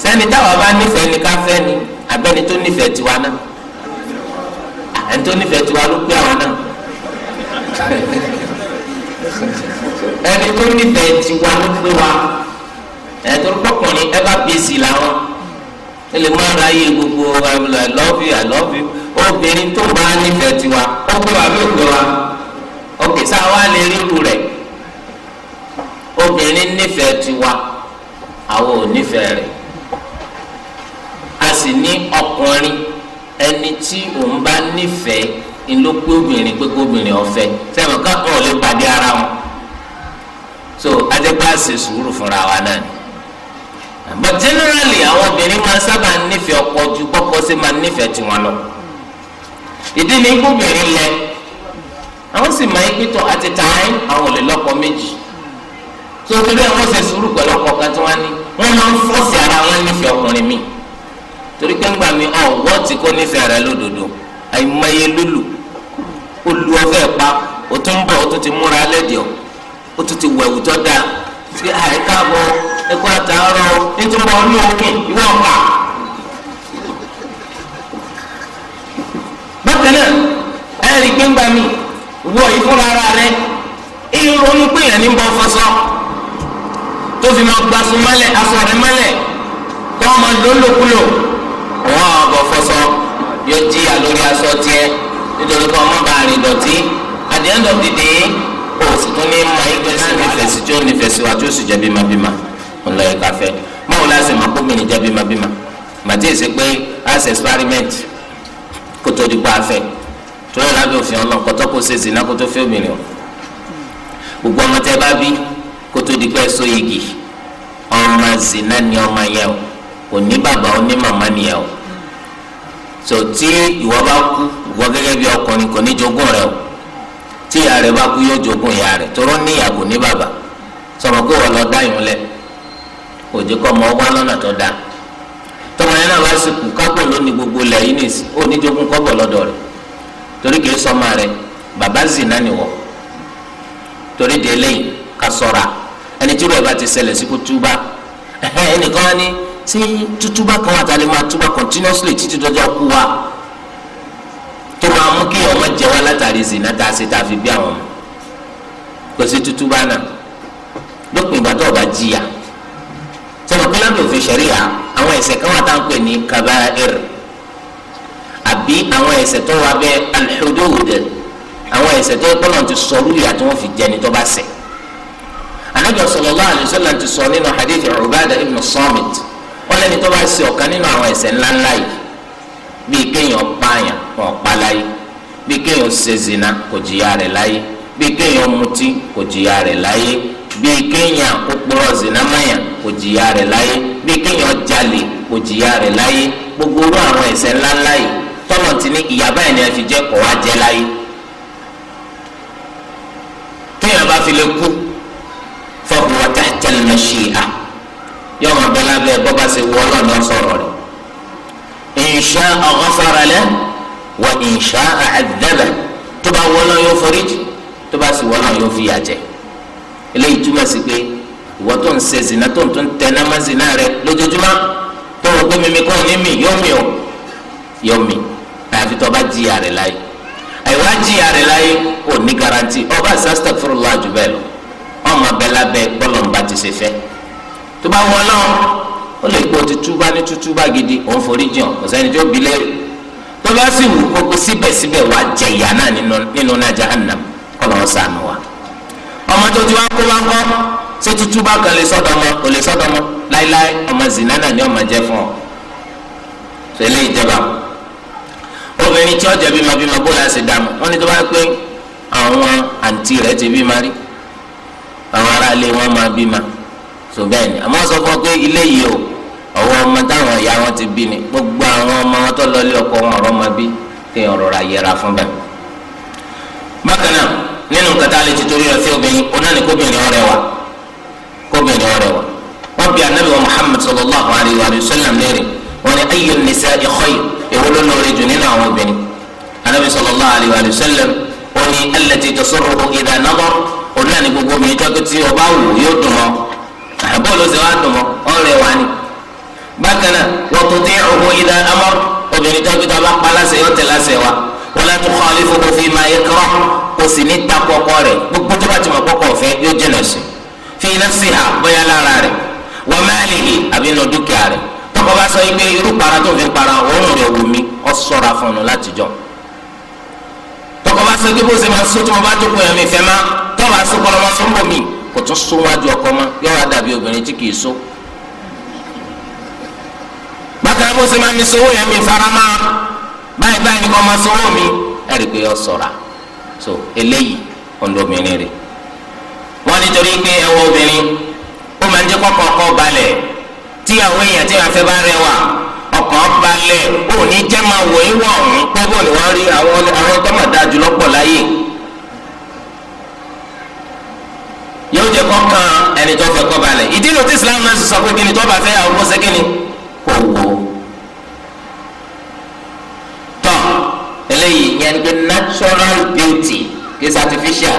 Speaker 1: sẹ́ni táwa bá nífẹ̀ẹ́ ni ká fẹ́ ni abẹ́ni tó nífẹ̀ẹ́ tiwa náà ẹni tó nífẹ̀ẹ́ tiwa ló pé àwọn náà ẹni tó nífẹ̀ẹ́ tiwa ló pé wa ẹni tó kọkùnrin ẹ bá bèsì làwọn ẹ lè ra iye gbogbo I love you I love you obìnrin tó bá nífẹ̀ẹ́ tiwa ó gbé wa bí ó wa òkè sáà wa lè rí irú rẹ̀ obìnrin nífẹ̀ẹ́ tiwa àwọn ò nífẹ̀ẹ́ rẹ̀ a sì ní ọkùnrin ẹni tí òun bá nífẹ̀ẹ́ ló pé obìnrin pé kóbìnrin ọ̀fẹ́ sẹ́wọ̀n kákan ò lè pàdé ara wọn so ajẹ́pẹ́ àṣẹ sùúrù fúnra wa náà ni but generally àwọn obìnrin máa sábà nífẹ̀ẹ́ ọkọ ju bọ́kọ ṣe máa nífẹ̀ẹ́ tiwọn lọ ìdí ni kóbìnrin lẹ àwọn sì máa ń pítọ̀ àti tààrín àwọn olè lọ́kọ méjì tó o torí àwọn ṣe sùúrù pẹ̀lú ọkọ kan tí wọ́n ní wọ́n máa ń fọ́ọ̀sì ara wọn nífẹ̀ẹ́ ọkùnrin mi torí pé ńgbà mi ọ̀wọ́ tí kò nífẹ̀ẹ́ rẹ lódodo àìmọye lólu olú ọfẹ́ pa o tún bọ̀ o tún ti múra lẹ́dìọ̀ o ẹkọ àtàárọ̀ nítorí ọ̀nà òkè ìwọ ọ̀pá. bákan náà ẹ̀rí gbẹ́ngbà mi wọ ìfúnra ara rẹ ìrònú pé ní bọ́ fọ́sọ́ tó fi máa gbaṣọ mọ́lẹ̀ aṣọ rẹ mọ́lẹ̀ kọ́ ọmọ lólòkulò wọ́n á bọ̀ yóò jìyà lórí aṣọ tiẹ̀ nítorí kọ́ ọmọ bá rìn dọ̀tí at the end of the day o sì tún ní mọ̀ ẹgbẹ́ sí tí ó nífẹ̀ẹ́ wa tí ó sì jẹ́ bímabíma. ńlọ ẹ̀ka fẹ́ báwo la ṣe máa kó mi níjẹ́ bímabíma màtí èsì pé a experiment kó tó di pa afẹ́ tó lọ́ọ́ lábẹ́ òfin ọlọ́ọ̀ zina kó tó obìnrin o gbogbo ọmọ tẹ bá bí kó tó di zina ni ọmọ yẹ o òní bàbá òní màmá ni yẹ o tó tí ìwọ bá kú bí ọkùnrin kò ní jogún rẹ o tí ìyá rẹ bá kú yóò jogún ìyá rẹ tó rọ ní bàbá òjò kọ́ ọmọ wá lọ́nà tó dáa tọmọ yẹn náà bá sì kú kápò lónìí gbogbo lẹ̀ yìí nìsí ó níjogún kọ́bọ̀ lọ́dọ̀ rẹ̀ torí kìí sọmọ rẹ̀ bàbá zì náà nìwọ̀ torí de eléyìí ká sọ̀ra ẹni tí rẹ̀ bá ti ṣẹlẹ̀ sí kú túbá ẹnìkan wá ní tí tútúbá kan wà tá a lè máa túbá continuously títí dọjọ́ kú wa tó máa mú kí ọmọ jẹ wá látàrí zìnà tá a ṣe tá a fi bí àwọn kò sí tútúbá náà lópin ìgbà tó ọba jìyà kíláàmù òfin ṣẹ̀ríà àwọn ẹ̀ṣẹ̀ kan wà tá à ń pè ní kaba'ir àbí àwọn ẹ̀ṣẹ̀ tó wà bẹ́ al-hudud àwọn ẹ̀ṣẹ̀ tó kọ́ náà ti sọ lóyà tí wọ́n fi jẹni tó bá ṣẹ̀ anabi sallallahu alayhi wa sallam ti sọ nínú hadith Ubada ibn Samit wọn lẹni tó bá ṣẹ̀ ọ̀kan nínú àwọn ẹ̀ṣẹ̀ ńláńlá yìí bíi kéèyàn pààyàn kò pa láyé bíi kéèyàn ṣe kò jìyà rẹ̀ láyé bíi kéèyàn mutí kò jìyà rẹ̀ láyé bíi kéèyàn kó kpọ́rọ̀ zinamaya kò jìyà rẹ̀ láyé bíi kéèyàn jalè kò jìyà rẹ̀ láyé gbogbo orú àwọn ẹ̀ṣẹ̀ ńláńlá yìí tọ́lọ̀ ti ní ìyá báyìí ni ẹ fi jẹ́ wá jẹ́ láyé kéèyàn bá fi lè kú fọ́ọ̀mù tahtal mashi'a yọ ọmọ bẹ́ẹ̀ lábẹ́ bọ́ba ṣe wọ ọlọ́ọ̀ni ọ̀sọ̀rọ̀ rẹ̀ in sha'a ghafara lahu wa in tó bá wọ́ọ́lọ́ yóò foríjì tó bá sì wọ́ọ́lọ́ yóò fi yà jẹ́ eléyìí túmọ̀ sí pé ìwọ tó ń ṣe zina tó ń tó ń tẹná má zina rẹ lójoojúmọ́ tó ń gbé mímí kọ́ ní mi yóò mi o yóò mi àyàfi tó bá jìyà rẹ̀ láyé àyíwá jìyà rẹ̀ láyé ò ní garanti ọba sastak fúrúlọ àjù bẹ́ẹ̀ lọ ọmọ abẹ lábẹ bọ́lọ̀ ń bá ti ṣe fẹ́ tó bá wọ ọlọ́run ó lè gbọ́ ti túbá ní tútúbá gidi òun forí jìn ọ̀sẹ́ni tó bi lẹ́rù tó bá sì wù kókó síbẹ̀síbẹ̀ wà jẹ̀yà náà nínú náà jahannam kọ́ ọmọ tó ti wá kó bá ń kọ́ ṣé tútú bá kan lè sọ́dọ̀ ọmọ kò lè sọ́dọ̀ ọmọ láíláí ọmọ zìnnà náà ni ọmọ jẹ́ fún ọ ṣe lè jẹba obìnrin tí ọjà bímọ bímọ bó la ṣe dààmú wọn ni tó bá pé àwọn àǹtí rẹ ti bímọ rí àwọn aráalé wọn máa bímọ tó bẹ́ẹ̀ ni àmọ́ sọ fún ọ pé ilé yìí o ọwọ́ ọmọ táwọn ìyá wọn ti bí ni gbogbo àwọn ọmọ wọn tó lọ lé ọkọ wọn ọ̀rọ̀ máa bí kéèyàn rọra yẹra fún bẹ́ẹ̀. bákan náà nínú nǹkan tá a lè ti torí rẹ̀ sí obìnrin onáni kóbìnrin ọ̀rẹ́ wa kóbìnrin ọ̀rẹ́ wa wọn bí anabi wa muhammad sallallahu alayhi wa sallam léèrè wọn ni ayé nisa ìkọyì èwo ló lóore nínú àwọn obìnrin anabi sallallahu alayhi wa sallam wọn ni alẹ́tì tasọ́rọ̀ ìdá nàbọ̀ onáni gbogbo mi ìjọ tí o wù yóò dùn mọ́ àbọ̀ ló ṣe wá dùn mọ́ ọ̀rẹ́ wa ni bákan náà wọ́n tún tẹ́ ọ̀hún ìdá amọ́ obìnrin tó kí tó bá yóò tẹ̀ láṣẹ wa wọ́n lẹ́tọ̀ kọ́ sì ní takọ ọkọ rẹ̀ gbogbo tó bá ti mọ̀ kọ́kọ́ ọ̀fẹ́ yóò jìnà sí fi nafsiha bóyá lára rẹ̀ wa malihi àbí inú dúkìá rẹ̀ tọkọ bá sọ pé irú para tó fi para òórùn rẹ̀ wù mí ọ ṣọ́ra fún un látijọ́ tọkọ bá sọ pé bó ṣe máa sọ tí mo bá dúkùn yẹn mi fẹ́ má tọ́ bá sọ kọ́ lọ́mọ sọ́ńbọ̀ mi kò tún sún wájú ọkọ mọ́ yọ̀rọ̀ dàbí obìnrin tí kì í sọ bákan bó ṣe máa mi sọ owó yẹn mi fara má báyìí báyìí ni kò máa sọ owó mi ẹ̀rí pé ọ ṣọ́ra so eléyìí ọ̀dọ́bìnrin rẹ̀ wọ́n nítorí pé ẹwọ́ obìnrin ó máa ń jẹ́ kọ́kọ́ ọkọ balẹ̀ tí àwọn èèyàn tí wọ́n fẹ́ bá rẹwà ọkàn balẹ̀ ó ní jẹ́ máa wọ̀ í wọ̀ ọ̀hún pé bó ni wọ́n rí àwọn àwọn tọ́mọ̀ dáa jù láyè yóò jẹ́ kọ́kàn ẹni tó fẹ́ kọ́ ìdí ló ti Islam náà sọ pé kí ni tó fẹ́ àwọn ọmọ sẹ́kìnni kò wọ́ eléyìí yẹn ni pé natural beauty kì í artificial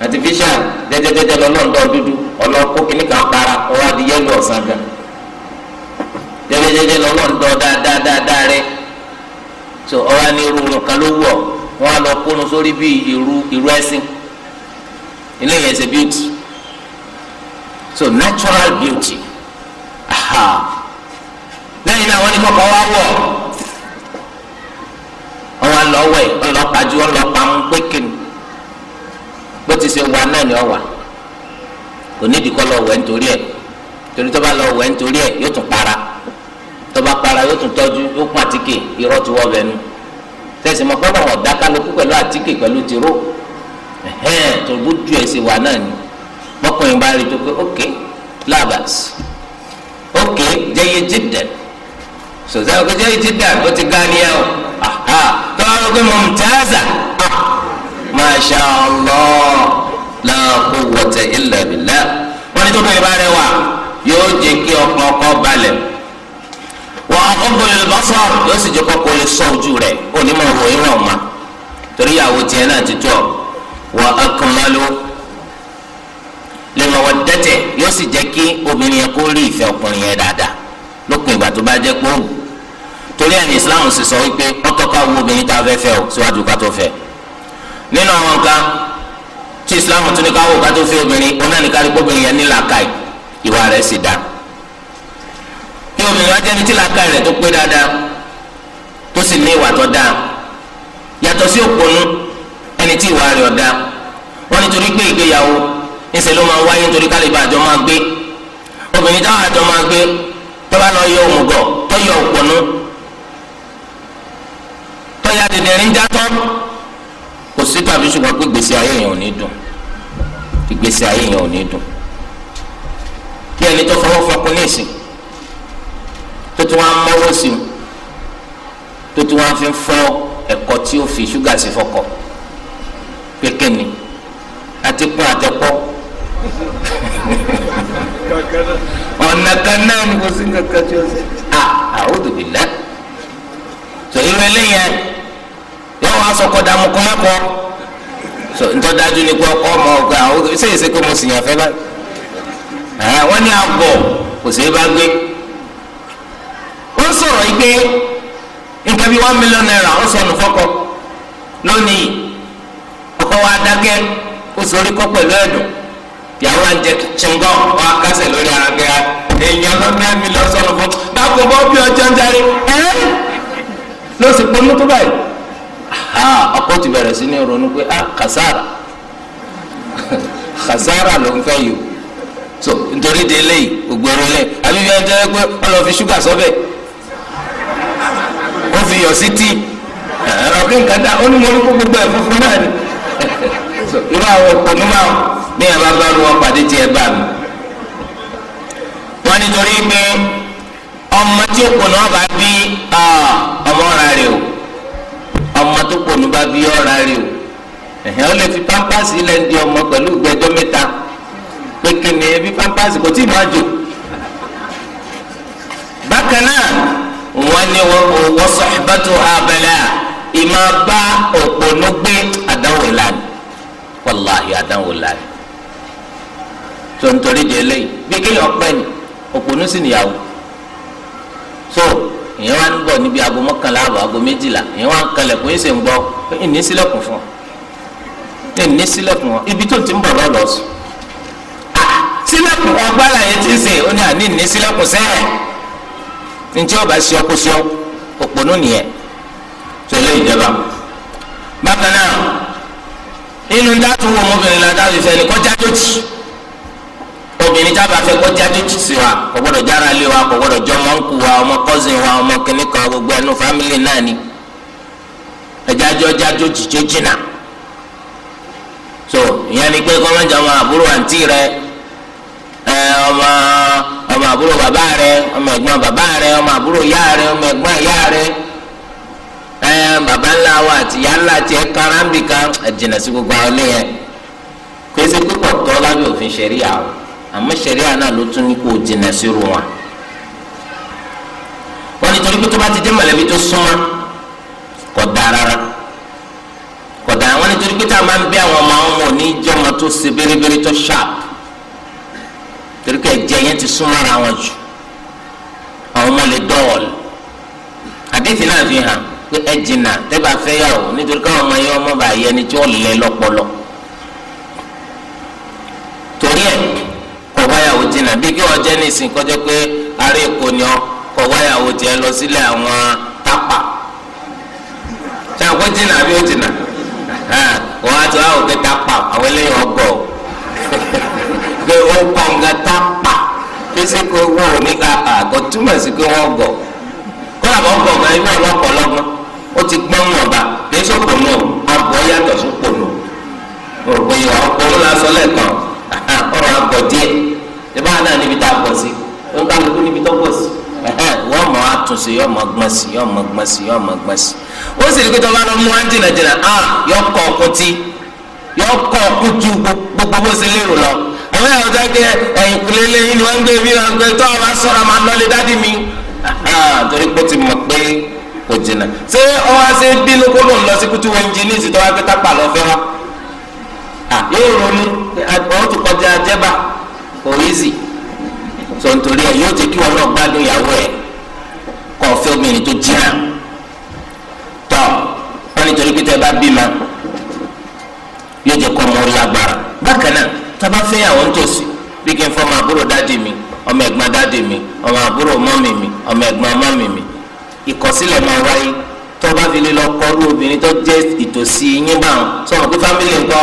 Speaker 1: artificial dẹdẹdẹdẹ lọlọ́ọ̀dọ́ dúdú ọlọ́kó kìíní kan para ọwọ́ adi yẹ́lò ọ̀sán gan dẹdẹdẹdẹ lọlọ́ọ̀dọ́ dáadáa rẹ so ọwọ́ ni irun kan ló wọ̀ wọ́n á lọ kónú sórí bí irú irú ẹ̀sìn eléyìí ẹ̀sẹ̀ beauty so natural beauty aha lẹ́yìn náà wọ́n ní kọ́kọ́ wá wọ̀ lọ́wọ́ ẹ̀ ń lọ pajú ń lọ pamọ́ pé kìnnì bó ti ṣe wà náà ni ọ wà kò nídìí kọ́ lọ wẹ̀ nítorí ẹ̀ torí tó bá lọ wẹ̀ nítorí ẹ̀ yóò tún para tó bá para yóò tún tọ́jú yóò pọ́n àtíkè irọ́ ti wọ́ bẹ́ẹ̀ nu tẹ̀sí mọ́ pé wọ́n dá pẹ̀lú àtíkè pẹ̀lú tìró ẹ̀hẹ́n tó bó ju ẹ̀ ṣe wà náà ni mọ́kùnrin bá rí tó pé ok labas ok jẹ́yẹ jíjẹ sọ̀tẹ́ ọkọ̀ jẹ́yẹ jíjẹ ó ti gá ni wá sọ pé mọ̀mùtáàzà masha allah la quwwata illa billah wọ́n ní tó bẹ̀rẹ̀ bá rẹwà yóò jẹ́ kí ọkàn ọkọ balẹ̀ wọ́n ọkùnrin lọ́sọ̀ yóò sì jẹ́ kọ́kọ́ lè sọ ojú rẹ̀ onímọ̀ òwòye rẹ̀ ọ̀ma torí ìyàwó tiẹ̀ náà ti tọ̀ wọ́n akmalu lẹ́nu ọwọ́ dẹ́tẹ̀ yóò sì jẹ́ kí obìnrin yẹn kó rí ìfẹ́ ọkùnrin yẹn dáadáa lópin ìgbà tó bá jẹ́ pé òun torí ẹni islam sì sọ wípé ọtọ́ka wo obìnrin tá a fẹ́ fẹ́ o síwájú ká tó fẹ́ nínú àwọn nǹkan tí islam tún ní ká wò ká tó fẹ́ obìnrin onáníkárí gbóbìnrin yẹn ní làákàyè ìwà rẹ̀ sì dá kí obìnrin wá jẹ́ni tí làákàyè rẹ̀ tó pé dáadáa tó sì ní ìwà tó dáa yàtọ̀ sí òpònú ẹni tí ìwà rẹ̀ ọ̀dá wọn nítorí pé ìgbéyàwó ńṣe ló máa wáyé nítorí kálíbà àjọ máa gbé obìnrin táwọn àjọ máa gbé tó bá lọ yọ òmùgọ̀ tó yọ òpònú ọ̀ya dẹ̀dẹ̀rín játọ́ kò sí tàbí ṣùgbọ́n pé gbèsè ayé yẹn ò ní dùn ìgbésí ayé yẹn ò ní dùn kí ẹni tó fọwọ́ fọkún ní ìsìn tó tún wá ń mọ́wọ́ sí i tó tún wá fi ń fọ́ ẹ̀kọ́ tí ó fi ṣúgà sí fọkọ̀ kékeré ni àti pọ́n àtẹ́pọ́ ọ̀nà kan náà ni kò sí nǹkan tí ó ṣe à ah, a'udhu billah tó irú eléyẹn wàá sọkọ dààmú kọ́ mọ́kọ́ ntọ́ dájú ni pé ọkọ ọmọ ọgbà ṣé èsì pé mo sì yàn fẹ́ báyìí wọ́n ní àgọ̀ kò sí bá gbé wọ́n sọ̀rọ̀ yìí pé nǹkan bíi one million naira ó sọnù fọ́kọ lónìí ọkọ wa dákẹ́ ó sorí kọ́ pẹ̀lú ẹ̀dùn ìyàwó wa ń jẹ ṣingọ́ wa kásẹ̀ lórí ara gẹ́gẹ́ èèyàn lọ́dún ẹ̀mí lọ́sọ̀rọ̀ fún dákùn bọ́ bí ọjọ́ ń darí ẹ́ lọ́sìkò mú tó báyìí. Ah, ọkọ ti bẹ̀rẹ̀ sí ní ronú pé ah kàsára kàsára ló ń fẹ́ yìí o so nítorí de eléyìí gbogbo ẹ̀rọ lẹ̀ àbí bí wọ́n jẹ́ pé wọ́n lọ fi ṣúgà sọ́bẹ̀ ó fi yọ̀ sí tíì ẹ̀rọ bí nǹkan dá ó ní mo ní kó gbogbo ẹ̀ funfun náà ni irú àwọn òpònú máa bí ẹ bá bá lu wọn pàdé tí ẹ bá mi wọ́n nítorí pé ọmọ tí òpònú ọba bí ah, ọmọ ọ̀rá rẹ̀ o ọmọ tó pònú bá bí ọ̀rá rè o ẹ̀hẹ́n ó lè fi pampers ilẹ̀ ń di ọmọ pẹ̀lú ìgbẹ́jọ́ mẹ́ta pé kí ni ebi pampers kò tí ì máa jò bákan náà wọ́n ní wọ́n sọ̀hìbátò abẹ́lẹ́ ìmọ̀ bá òpònú gbé àdánwò lánàá wàláhì àdánwò lánàá tó ń torí jẹ lẹ́yìn bí kéèyàn pẹ́ ni òpònú sì níyàwó so èèyàn wá ń bọ̀ níbi aago mọ́kànlá àbọ̀ aago méjìlá èèyàn wá ń kalẹ̀ kó ń sè ń gbọ́ ẹ̀ní sílẹ̀kùn fún ọ ẹ̀ní sílẹ̀kùn wọn ibi tó ti ń bọ̀ lọ́ lọ sùn. sílẹ̀kùn ọgbàlà yẹn ti sè ó ní àní ẹ̀ní sílẹ̀kùn sẹ́ẹ̀ njẹ́ ọba ṣe ọkọ ṣe òpònú nìyẹn tẹ̀lé ìjọba. bákan náà inú dátúwò ọmọbìnrin làdáwò tábà fẹ́ kọjá títí sí wa kò gbọ́dọ̀ jára lé wa kò gbọ́dọ̀ jọ ọmọ nkù wa ọmọ kọ́sìn wa ọmọ kìnnìkan gbogbo ẹnu fámìlì náà ni so ìyẹn ni pé kọ́mọ́jà ọmọ àbúrò àǹtí rẹ ọmọ ọmọ àbúrò bàbá rẹ ọmọ ẹ̀gbọ́n bàbá rẹ ọmọ àbúrò ìyá rẹ ọmọ ẹ̀gbọ́n ìyá rẹ bàbá ńlá wa àti ìyá ńlá tiẹ̀ karambika ẹ̀ jìnnà sí gbogbo àwọn ilé yẹn àmọ́ sẹ̀ríà náà ló tún ní kó o jìnà sírù wọn. wọ́n ní torí pé tó bá ti dé mọ̀lẹ́bí tó súnmọ́ kò dáa rárá kò dáa wọ́n ní torí pé tá a máa ń bí àwọn ọmọ ọmọ òní jẹ́ tó ṣe bérébéré tó sharp torí pé ẹ̀jẹ̀ yẹn ti súnmọ́ ara wọn jù àwọn ọmọ lè dọ́ọ̀lù àdéhìí náà fi hàn pé ẹ jìnnà tẹ́bà fẹ́ yà ó nítorí káwọn ọmọ yẹn ọmọ bá yẹ ẹni tí ó lẹ lọ́pọlọ torí ẹ̀ wáyàwó jìnnà bí kí wọ́n jẹ ní ìsìn kọjọ́ pé ará èkó ni ọ kọ wáyàwó jẹ́ lọ sílẹ àwọn tápà ṣàǹkó jìnnà àbí ó jìnnà wọ́n á ti wá òkè tápà àwọn eléyìí ọgbọ̀ pé kọ nga tápà pèsè kó wọ́n ò ní ká àgọ́ túmọ̀ sí kó inú ìbá náà níbi tá a bọ̀ sí ó ń kálukú níbi tó bọ̀ sí wọ́n mọ̀ á tún sí yọ̀ọ́ mọ̀ gbọ́n sí yọ̀ọ́ mọ̀ gbọ́n sí yọ̀ọ́ mọ̀ gbọ́n sí ó sì rí pẹ́tọ́ bá lọ mú wọn jìnnà jìnnà á yọ kọ́ ọkùn tí yọ kọ́ ọkùn ju gbogbo bó ṣe lérò lọ àwọn ẹ̀rọ jẹ́ pé ẹ̀yìn kúlé lẹ́yìn ni wọ́n ń gbé bí wọn gbé tó ọba sọ̀rọ̀ máa lọ lé dádì mi torí pé ó ti mọ̀ pé kò jìnnà ṣé ọ wá ṣe bí lóko lòun lọ sí kútu wẹ́ńjì ní ìsìtọ́ easy so nítorí ẹ yóò jẹ́ kí wọn náà gbádùn ìyàwó ẹ kọ́ fẹ́ obìnrin tó jìnnà tọ́ wọn nítorí pé tẹ́ bá bímọ yóò jẹ́ kọ́ ọmọ lágbára bákan náà tábà fẹ́ yàwó ńtòsí bí kí n fọ́ ọmọ àbúrò dáàdì mi ọmọ ẹ̀gbọ́n dáàdì mi ọmọ àbúrò mọ́mì mi ọmọ ẹ̀gbọ́n mọ́mì mi ìkọ̀sílẹ̀ máa wáyé tó bá fi lè lọ kọrú obìnrin tó jẹ́ ìtòsí yín báwọn sọ̀rọ̀ pé fámìlì ńkọ́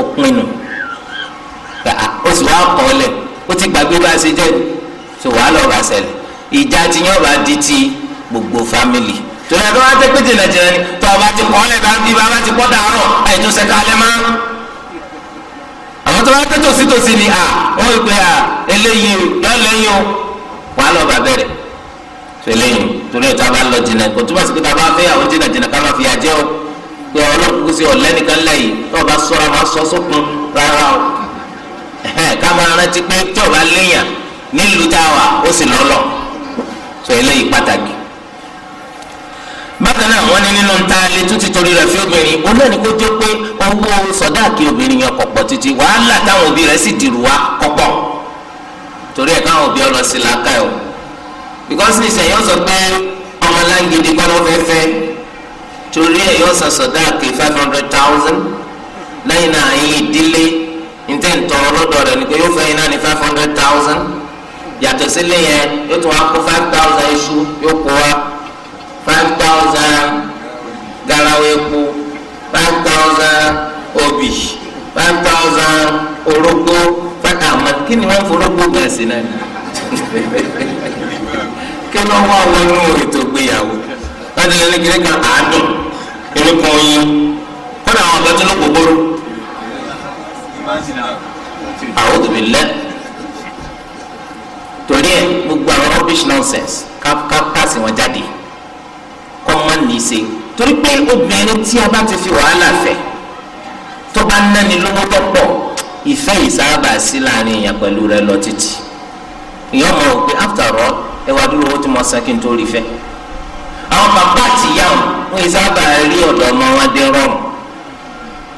Speaker 1: òpin nù ó sì wá kọ́ ọ lẹ̀ ti gbàgbé bá a ṣe jẹ́ so wàhálà ọba ṣẹlẹ̀ ìjà ti yàn bá di ti gbogbo fámìlì torí àti wọn á tẹ́ pété nàìjíríà ni tó ọba ti kọ́ ẹ̀ bá bí bá ti kọ́ dàárọ̀ àìtún ṣe kalẹ̀ mọ́ àwọn tó bá tẹ́ tòsítòsí ni à wọ́n rí pé à eléyìí yọ lẹ́yìn o wàhálà ọba bẹ̀rẹ̀ so eléyìí torí ẹ̀ tó a bá lọ jìnnà kò túbọ̀ sí pé tá a bá fẹ́ àwọn jìnnà jìnnà ká má fi àjẹ́ o pé ọlọ́kùnkùn sí ọ̀lẹ́nìkan lẹ́yìn tó ọba sọ́ra má sọ sókun rárá o ká máa rántí pé tí ọba léèyàn nílùú táwa ó sì lọ́lọ́ sọ eléyìí pàtàkì bákan náà wọ́n ní nínú ta lè tún ti torí rẹ̀ fi obìnrin olóòní kó jẹ́ pé owó sọ̀dáàkì obìnrin yẹn kọ̀pọ̀ títí wàhálà táwọn òbí rẹ̀ sì dìrù wá kọ̀pọ̀ torí ẹ̀ káwọn òbí ọlọ sí làákà ẹ̀ o because ní sẹ́yìn ọ̀sọ̀ pé ọmọ láǹgìdì kọ́ ló fẹ́ẹ́ fẹ́ torí ẹ̀ yọ̀ sọ̀sọ̀dáàkì five hundred thousand lẹ́yìn náà ẹ̀yìn ìdílé ntẹ ntọrọ lọ́dọ̀ rẹ̀ nìkan yóò fẹ́ yín náà ní five hundred thousand yàtọ̀ sílẹ̀ yẹn yóò tún wá kó five thousand iṣu yóò kó wa five thousand garawa epo five thousand obì five thousand orógbó five àmọ́ kí ni wọ́n forógbó bẹ̀rẹ̀ sí náà kí ló wá wọnú ètò ìgbéyàwó láti lẹ́nu kiri kan àádùn irú kan yín kọ́nà àwọn ọ̀gá ló gbogbo rú. billah torí ẹ gbogbo àwọn rubbish nonsense káàsì wọn jáde kọ́ wọn ní í ṣe torí pé obìnrin tí a bá ti fi wàhálà fẹ́ tó bá náni lówó tó pọ̀ ìfẹ́ yìí sábà sí láàrin èèyàn pẹ̀lú rẹ lọ títì èèyàn mọ̀ pé after all ẹ wá dúró owó tí mo san kí n tó rí fẹ́ àwọn bàbá àti ìyá wọn yìí sábà rí ọ̀dọ̀ ọmọ wọn dé rọrùn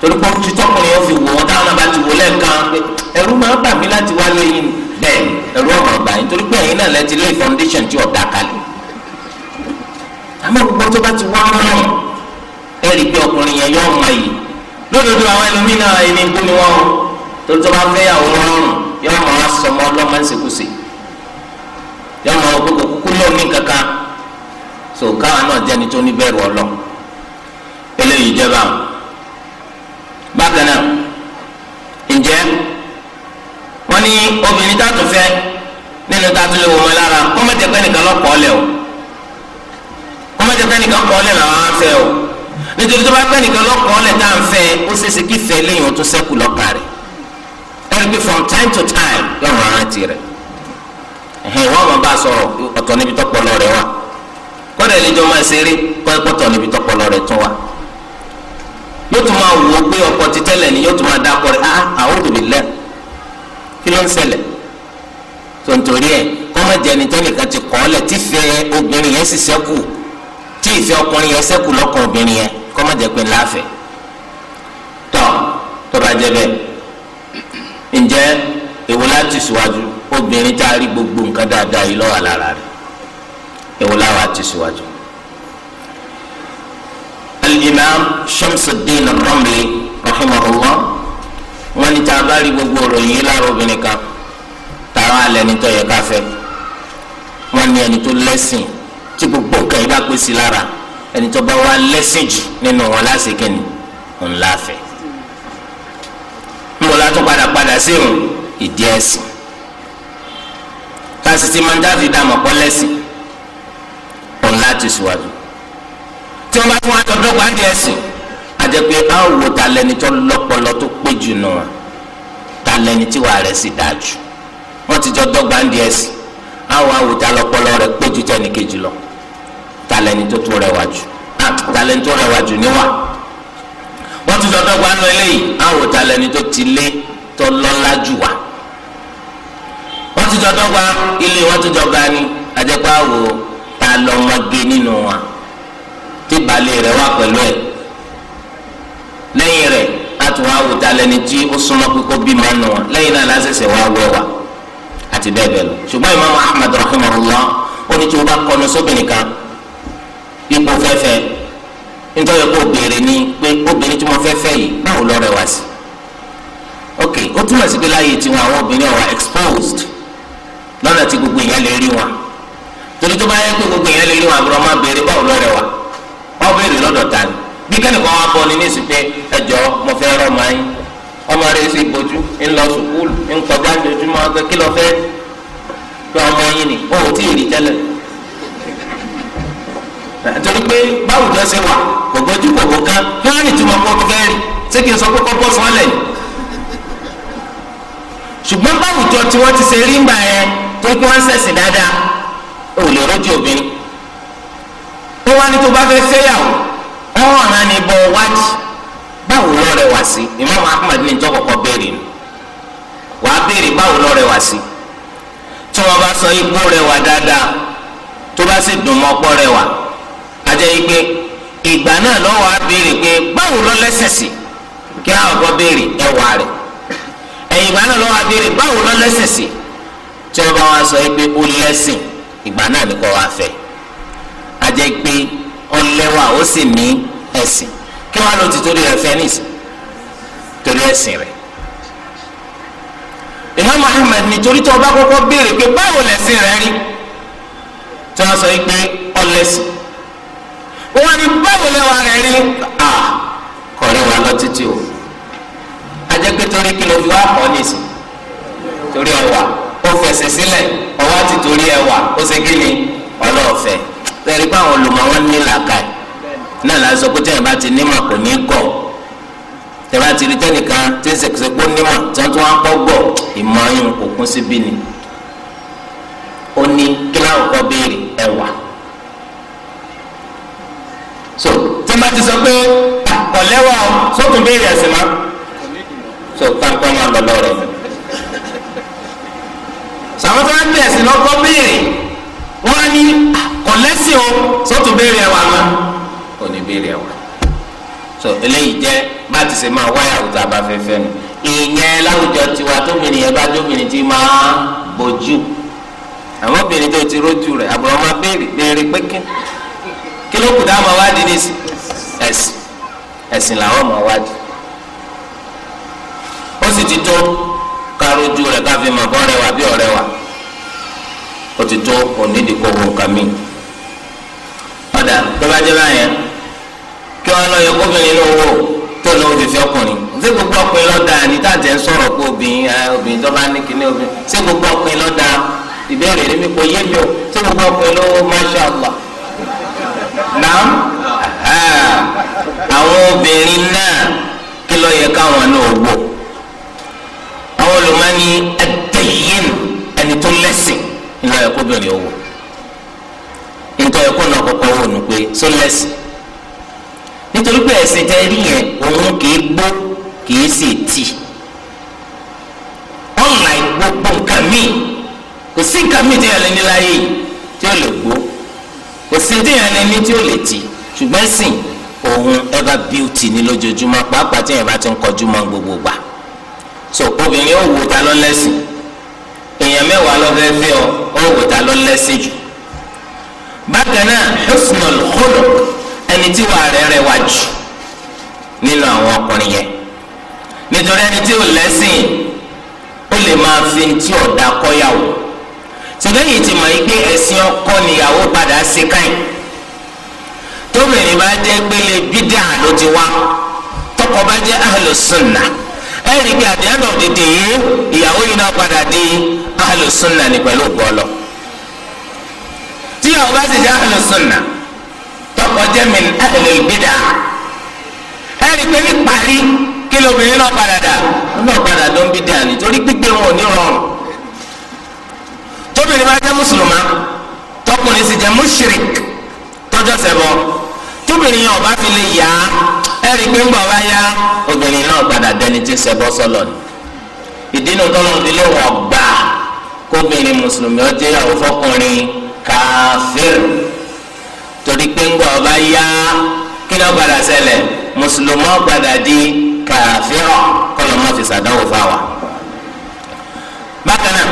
Speaker 1: torí pé ojú tọkùnrin yóò fi wò wọn táwọn náà bá ti wò lẹ́ẹ̀kan pé ẹ̀rù máa bà mí láti wá lẹ́yìn bẹ́ẹ̀ ẹ̀rù ọmọ ọgbà yín torí pé ẹ̀yin náà lẹ ti lé foundation tí ọ̀dà kalẹ̀ àmọ́ gbogbo tó bá ti wá mọ́ ẹ rí i pé ọkùnrin yẹn yọ ọmọ yìí lódodo àwọn ẹlòmíín náà ẹni kú ni wọn o torí tó bá fẹ́ yàwó rọrùn yọ ọmọ wa sọmọ ọlọ́mọ ń ṣèkúṣe yọ ọmọ òkúkú kúkú lómi kankan so káwọn náà jẹ́ni tó ní bẹ́ẹ̀ rọ eléyìí jẹ́ báwọn bákan náà ǹjẹ́ wọ́n ní obìnrin tààtù fẹ́ nínú tààtù lè wò wọn lára kọ́mọ̀tẹ́ pẹ́ nìkan lọ kọ́ lẹ̀ o kọ́mọ̀tẹ́ pẹ́ nìkan kọ́ lẹ̀ làwọn á fẹ́ o nítorí tó bá pẹ́ nìkan lọ kọ́ lẹ̀ tá à ń fẹ́ ó ṣeéṣe kí fẹ́ lẹ́yìn o tó sẹ́kù lọ́kàn rẹ̀ ẹ̀rí pé from time to time lọ́rùn arántí rẹ̀ ẹ̀hìn wọ́n mọ̀ bá sọ̀rọ̀ ọ̀tọ̀ níbi tọ́pọ̀lọ rẹ̀ wà kọ́dà ìlẹ́jọ́ máa ṣeré kọ́ẹ̀pọ̀tọ̀ níbi tọ́pọ̀lọ rẹ̀ tún wà yóò tún máa wò ó pé ọkọ̀ ti tẹ́lẹ̀ ni yóò tún máa dákọ̀ rẹ̀ ah a'udhu billah kí ló ń ṣẹlẹ̀ tontori ẹ̀ kọ́mọ̀jẹ̀ni tẹ́nìkan ti kọ́ ọ́lẹ̀ tí ìfẹ́ obìnrin yẹn sì ṣẹ́kù tí ìfẹ́ ọkùnrin yẹn ṣẹ́kù lọ́kàn obìnrin yẹn kọ́mọ̀jẹ̀ pé láàfẹ́ tọ́ tọ́ba jẹ bẹ́ẹ̀ ǹjẹ́ èwo láti síwájú obìnrin tá a rí gbogbo nǹkan dáadáa yìí lọ́wọ́ lára rẹ̀ èwo láwa ti síwájú. الإمام شمس الدين الرملي رحمه الله a bá rí gbogbo ròyìn lára obìnrin kan tààrà alẹ́ ní tó yẹ ká fẹ́ wọ́n ní ẹni tó lẹ́sìn tí gbogbo nǹkan yìí bá pè sí lára ẹni tó bá wá lẹ́sìn jù nínú wọn lásìkò ni òun láfẹ́ mo látún padà padà sí òun ìdí ẹ̀sìn ká sì ti máa ń dáfi dààmú ọ̀pọ̀ lẹ́sìn òun láti síwájú tí wọ́n bá tún wá tọdọ́ gbàǹdì ẹ̀sìn àjẹpẹ́ àwọn tó lọ́pọlọ tó pé jù nù wọn ta lẹni tí wàá rẹ̀ sì dájú wọ́n ti jọ dọ́gba ń di ẹ̀sìn àwọn àwòtá lọ́pọlọ rẹ̀ péjú tẹ́ni kejì lọ ta lẹni tó tó rẹwà jù ta lẹni tó rẹwà jù níwà wọ́n ti jọ dọ́gba ń lọ eléyìí àwòtá lẹni tó ti lé tó lọ́lá jù wá wọ́n ti jọ dọ́gba ilé wọ́n ti jọ ni àjẹpá wo ta lọ́mọge nínú wa tí balẹ̀ rẹ̀ wà pẹ̀lú ẹ̀ lẹ́yìn rẹ̀ àti wá wù ta lẹni tí ó súnmọ́ pípọ́ bí máa nù wọn lẹ́yìn náà lásẹ̀sẹ̀ wá wẹ̀ wá àti bẹ́ẹ̀ bẹ́ẹ̀ lọ ṣùgbọ́n imaamu ahmed rahimahullah ó ní tí o bá kọnu sóbìnrin kan ipò fẹ́fẹ́ nítorí pé obìnrin ni pé obìnrin tí mo fẹ́ fẹ́ yìí báwo lọ rẹwà sí ok ó túmọ̀ sí pé láàyè tiwọn àwọn obìnrin ọ̀wà exposed lọ́nà tí gbogbo èèyàn lè rí wọn torí tó bá yẹ pé gbogbo èèyàn lè rí bí kẹ́nìkan wá bọ̀ ní ní ìsìn pé ẹjọ́ mo fẹ́ rọ màá yín ọmọ rẹ̀ sì bójú ń lọ sùkúlù ń kọjá lójúmọ́ pé kí lọ fẹ́ pé ọmọ yín ni ó ò tí ì rí tẹ́lẹ̀ torí pé báwo jọ ṣe wà gbọ̀gbọ́jú gbọ̀gbọ́ kan kí wọ́n rìn tí mo kọ́ fẹ́ rìn ṣé kí n sọ pé kọ́ bọ́ sọ́ọ́lẹ̀ yìí ṣùgbọ́n báwùjọ tí wọ́n ti ṣe rí ńgbà yẹn tó kí wọ́n ń dáadáa ò lè rọ́jò obìnrin ó wá ní tó bá fẹ́ fẹ́yàwó rẹwà Imam Ahmad ní ìjọkọ̀kọ̀ béèrè nù wàá béèrè báwo lọ rẹwà sí tí wọ́n bá sọ ipò rẹwà dáadáa tó bá sì dùn mọ́ ọpọ́ rẹwà ajẹ́ yìí pé ìgbà náà lọ́wọ́ á béèrè pé báwo lọ lẹ́sẹ̀ sí kí á ọkọ béèrè ẹwà rẹ̀ ẹ̀yìn ìgbà náà lọ́wọ́ á béèrè báwo lọ lẹ́sẹ̀ sí tí wọ́n bá wá sọ pé ó lẹ́sìn ìgbà náà ni kò wá fẹ́ ajẹ́ pé ọlẹ́wà ó sì ní ẹ̀sìn kí wọ́n á tìtorí rẹ̀ fẹ́ torí ẹ̀sìn rẹ̀ Imam Ahmed nítorí tó ọba bá kọ́kọ́ béèrè pé báwo lẹ̀sìn rẹ rí tí wọ́n sọ yìí pé ọlẹ́sìn wọ́n ní báwo lẹ́wà rẹ rí à kọ̀rẹ́ wa lọ títí o ajẹ́pẹ́ torí kí ló fi wá kọ́ nìsín torí ọwà ó fẹsẹ̀ sílẹ̀ ọwà ti torí ẹwà ó ṣe kí ni ọlọ́ọ̀fẹ́ tẹ̀rí pé àwọn wọn ní làákàyè náà lásán ti ní mà kò ní tẹ̀lá ti rí tẹ́nìkan tí ń sẹ̀kẹ̀sẹ̀kọ́ nímọ̀ tí wọ́n tún wá kọ́ gbọ̀ ìmọ̀ ayún kò kún síbí ni ó ní kíláwù kọ́ béèrè ẹ̀wà. so tí wọ́n ti sọ pé ọ̀lẹ́wà sókun béèrè ẹ̀sìn mọ́ so káńkọ́ máa lọ lọ rẹ̀. sàwọn tó wá ń bẹ̀rẹ̀ sí lọ́kọ́ béèrè wọ́n á ní kọ̀lẹ́sìn o sókun béèrè ẹ̀wà mọ́ kò ní béèrè ẹ̀wà so eléyìí jẹ́ bá ti ṣe máa wáyàwó tá a bá fẹ́ fẹ́ nu ìyẹn láwùjọ tiwa tóbìnrin yẹn bá jóbìnrin ti máa bójú àwọn obìnrin tó ti rójú rẹ̀ àbúrò máa béèrè béèrè pé kí kí ló kù dáhùn àwádìí nísì ẹ̀sìn ẹ̀sìn làwọn máa wádìí ó sì ti tó kárójú rẹ̀ káfí máa bọ́ rẹwà bí ọ̀rẹ́ wa ó ti tó onídìkọ̀wọ̀ nǹkan mi ọ̀dà tó bá jẹ́ báyẹn kí wọ́n lọ yẹ kóbìnrin lówó. tó ọkùnrin ṣé gbogbo ọkùnrin lọ́dà ní tàjẹ́ ń sọ̀rọ̀ pé obìnrin obìnrin tó bá ní kíní obìnrin ṣé gbogbo ọkùnrin lọ́dà ìbéèrè rẹ̀ mi kò yé mi o ṣé gbogbo ọkùnrin ló masha allah naam àwọn obìnrin náà kí ló yẹ káwọn náà wò àwọn olùmọ̀ọ́ni ẹ̀dẹ́yìn ẹni tó lẹ́sìn ìlọ ẹ̀kọ́ obìnrin ò wò náà kọ́kọ́ wò pé nítorí pé ẹ̀sìn tẹ́ rí yẹn òun kìí gbó kìí sì tì ọ̀nà ìgbógbó nǹkan míì kò sí nǹkan míì téèyàn lè ní láyé tí ó lè gbó kò sí téèyàn lè ní tí ó lè tì ṣùgbọ́n sìn òun ever beauty ní lójoojúmọ́ pàápàá téèyàn bá ti ń kọjú mọ́ gbogbo gbà so obìnrin ó wò ta lọ lẹ́sìn èèyàn mẹ́wàá lọ fẹ́ fẹ́ ọ ó wò ta lọ lẹ́sìn jù bákan náà husnul khuluq ẹni tí wàá rẹ̀ rẹwà jù nínú àwọn ọkùnrin yẹn nítorí ẹni tí ò lẹ́sìn ó lè máa fi tí ọ̀dà kọ́yàwó sìgbẹ́yìn ti mọ̀ yìí pé ẹ̀sìn ọkọ níyàwó padà ṣe káyìn tóbìnrin bá jẹ́ gbélé bídà ló ti wá tọkọ bá jẹ́ ahlu ẹ̀rí pé at the end of the day ìyàwó yìí náà padà di ahlu sunna ní pẹ̀lú gbọ́lọ̀ tíyàwó bá ti jẹ́ ahlu tọkọjẹ́ min ahlil bidà ẹ̀rí pé ní parí kí lóbìnrin náà padà dà náà padà dán bidà nítorí gbígbé wọn ò ní rọrùn tóbìnrin bá jẹ́ mùsùlùmá tọkùnrin sì jẹ́ mushrik tọ́jọ́ sẹ́bọ tóbìnrin yẹn ọba fi lè yá ẹ̀rí pé ńgbà ọba yá obìnrin náà padà dẹni tí sẹ́bọ sọlọ ni ìdí inú tọ́lọ́ ìdílé wọn gbà kóbìnrin mùsùlùmí ọjẹ́ ìyàwó fọkùnrin. bá yá kí ló padà ṣẹlẹ̀ mùsùlùmí padà di kàfírọ̀ kọ́lọ̀ má fi sàdánwò fáwa. bákan náà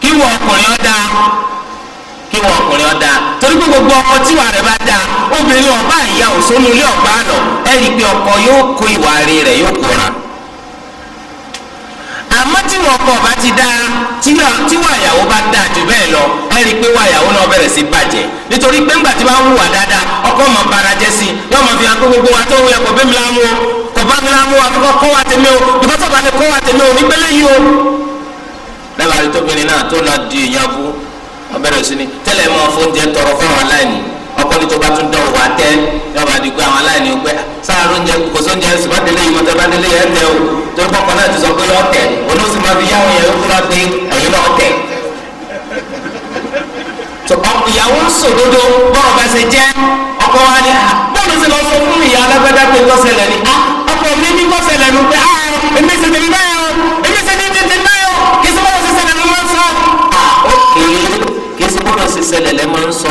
Speaker 1: kí wọ́n ọkùnrin ọ̀dà kí wọ́n ọkùnrin ọ̀dà torí pé gbogbo ọkọ tíwà rẹ̀ bá dáa obìnrin ọba ìyá òsónú ilé ọ̀gbá lọ ẹ̀rí pé ọkọ yóò kó ìwà rẹ̀ yóò kóra àmọ́ tí wọ́n ọkọ ọba ti dáa tíwà ìyàwó bá dáa jù bẹ́ẹ̀ lọ ẹ rí i pé wà ìyàwó náà bẹ̀rẹ̀ sí bàjẹ́ nítorí pé ńgbà tí bá ń hùwà dáadáa ọkọ mọ̀ bara jẹ́ sí yóò mọ̀ fi hàn pé gbogbo wa tó ń yẹ kò bẹ́ẹ̀ mi lámú o kò bá mi lámú o àkọ́kọ́ kó wa tèmi o bíbá tó bá ní kó wa tèmi o nígbélé yìí o. lẹ́bàá rí tóbìnrin náà tó lọ di ìyàbú ọbẹ̀rẹ̀ sí ni tẹ́lẹ̀ mọ́ fóúnjẹ tọrọ fáwọn aláìní kọ́ni tó bá tún dán òwò àtẹ́ yóò bá di pé àwọn aláìní ó pé sáárò oúnjẹ kò sóúnjẹ sì bá délé yìí mọ́tò bá délé yẹn tẹ o tó kọ́kọ́ náà ti sọ pé yọ tẹ òun ó sì máa fi yáwọn yẹn kúrò pé ẹ̀yin náà tẹ. ìyàwó ń sòdodo bọ́ọ̀ bá ṣe jẹ́ ọkọ wa ni ah, bọ́ọ̀lù ti lọ sọ fún ìyá alágbádá pé kọ́sẹ̀lẹ̀ ni ah, ọkọ mi ní kọ́sẹ̀lẹ̀ nu pé ah, èmi ṣe tèmi báyọ̀ èmi ṣe tèmi tèmi báyọ̀ kí sọ́kọ́ ṣiṣẹ́ lẹ́nu máa ń sọ. ó kéré kí sọ́kọ́ ṣiṣẹ́ máa ń sọ.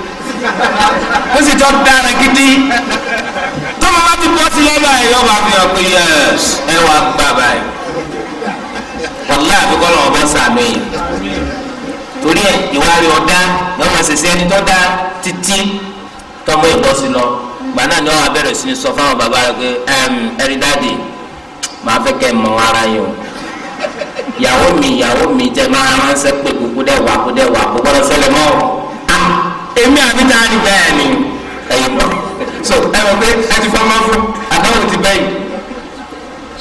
Speaker 1: ó sì jọ dára gidi tó máa bá ti bọ́ sí lọ́ba yìí yọba fi hàn pé yẹs ẹ wà gbà báyìí wàlá àbíkọ́ lọ́wọ́ bọ́ sàmì torí ẹ ìwà rẹ ọ̀dá yọmọ ṣẹṣẹ ẹni tó dá títí tọmọ ìbọsí lọ gbaná ni wọn abẹrẹ sí ni sọ fáwọn bàbá rẹ pé ẹrí dáàdì máa fẹ́ kẹ́ mọ ara yín o ìyàwó mi ìyàwó mi jẹ máa ránṣẹ́ pé kúkú dẹ wà kú dẹ wà kú gbọ́dọ̀ ṣẹlẹ̀ mọ́ o èmi àbí tá a ní bẹ́ẹ̀ ni ẹ̀yìn bọ̀ so ẹ mọ̀ pé ẹ ti fọ́n máa fún àdáwọ̀ ti bẹ́yìn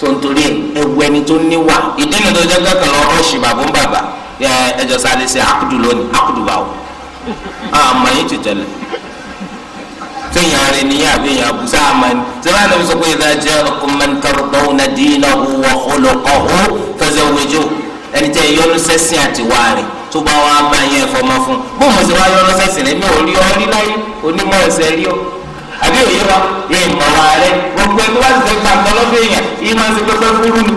Speaker 1: so nítorí ẹwù ẹni tó níwà ìdí ni tó jẹ́ kẹ́kọ̀ọ́ lọ ọ̀ṣì bàbá ń bàbá ẹjọ́ sáré sí akudu lónìí akudu báwo àmọ́ yín ti tẹ̀lé sẹ́yìn arẹ ni yín àbí yín abusa àmọ́ ni sẹ́wọ́n àná sọ pé ìdá jẹ́ ọkùnrin kẹrùbọ́n náà dín náà wọ́n kọ́ lọ́kọ́ hó fẹsẹ̀ wẹ́jọ́ ẹni tẹ́ yọnu sẹ́sìn àtiwárẹ̀ tó bá wà á bá yẹn fọmọ fún bó mo ṣe wá yọ lọ sẹ́sìn rẹ̀ mi ò rí ọ rí láyé onímọ̀ ẹsẹ̀ rí ọ àbí òye wa mi ì mọ̀ wá rẹ gbogbo ẹni wá ti gbà tọ́ lọ́dọ̀ èèyàn yìí máa ń ṣe pẹ́pẹ́ fúru ni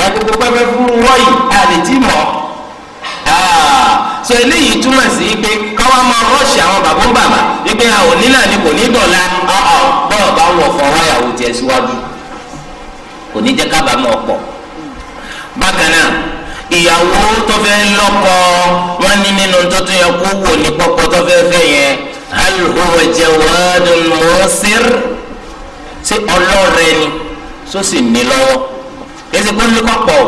Speaker 1: ẹ̀ gbogbo pẹ́pẹ́ fúru wọ́ọ̀yì àlè tí mọ̀ ah, so eléyìí túmọ̀ sí pé káwá máa rọ́ọ̀ṣì àwọn bàbá bàbá wípé a ò nílà ni kò ní dọ̀la bọ́ọ̀ bá wọ̀ fọ́ wáyàwó tiẹ̀ síwájú kò ní jẹ́ kábàámọ̀ ọ̀pọ̀ bákan náà ìyàwó tó fẹ́ lọ́kọ wọn ní nínú tó tún yẹ kó wò ní kọ́kọ́ tó fẹ́ fẹ́ yẹn hal huwa jawadun musir sí ọlọ́ọ̀rẹ́ ni tó sì ní lọ́wọ́ èsì kó ní kọ́kọ́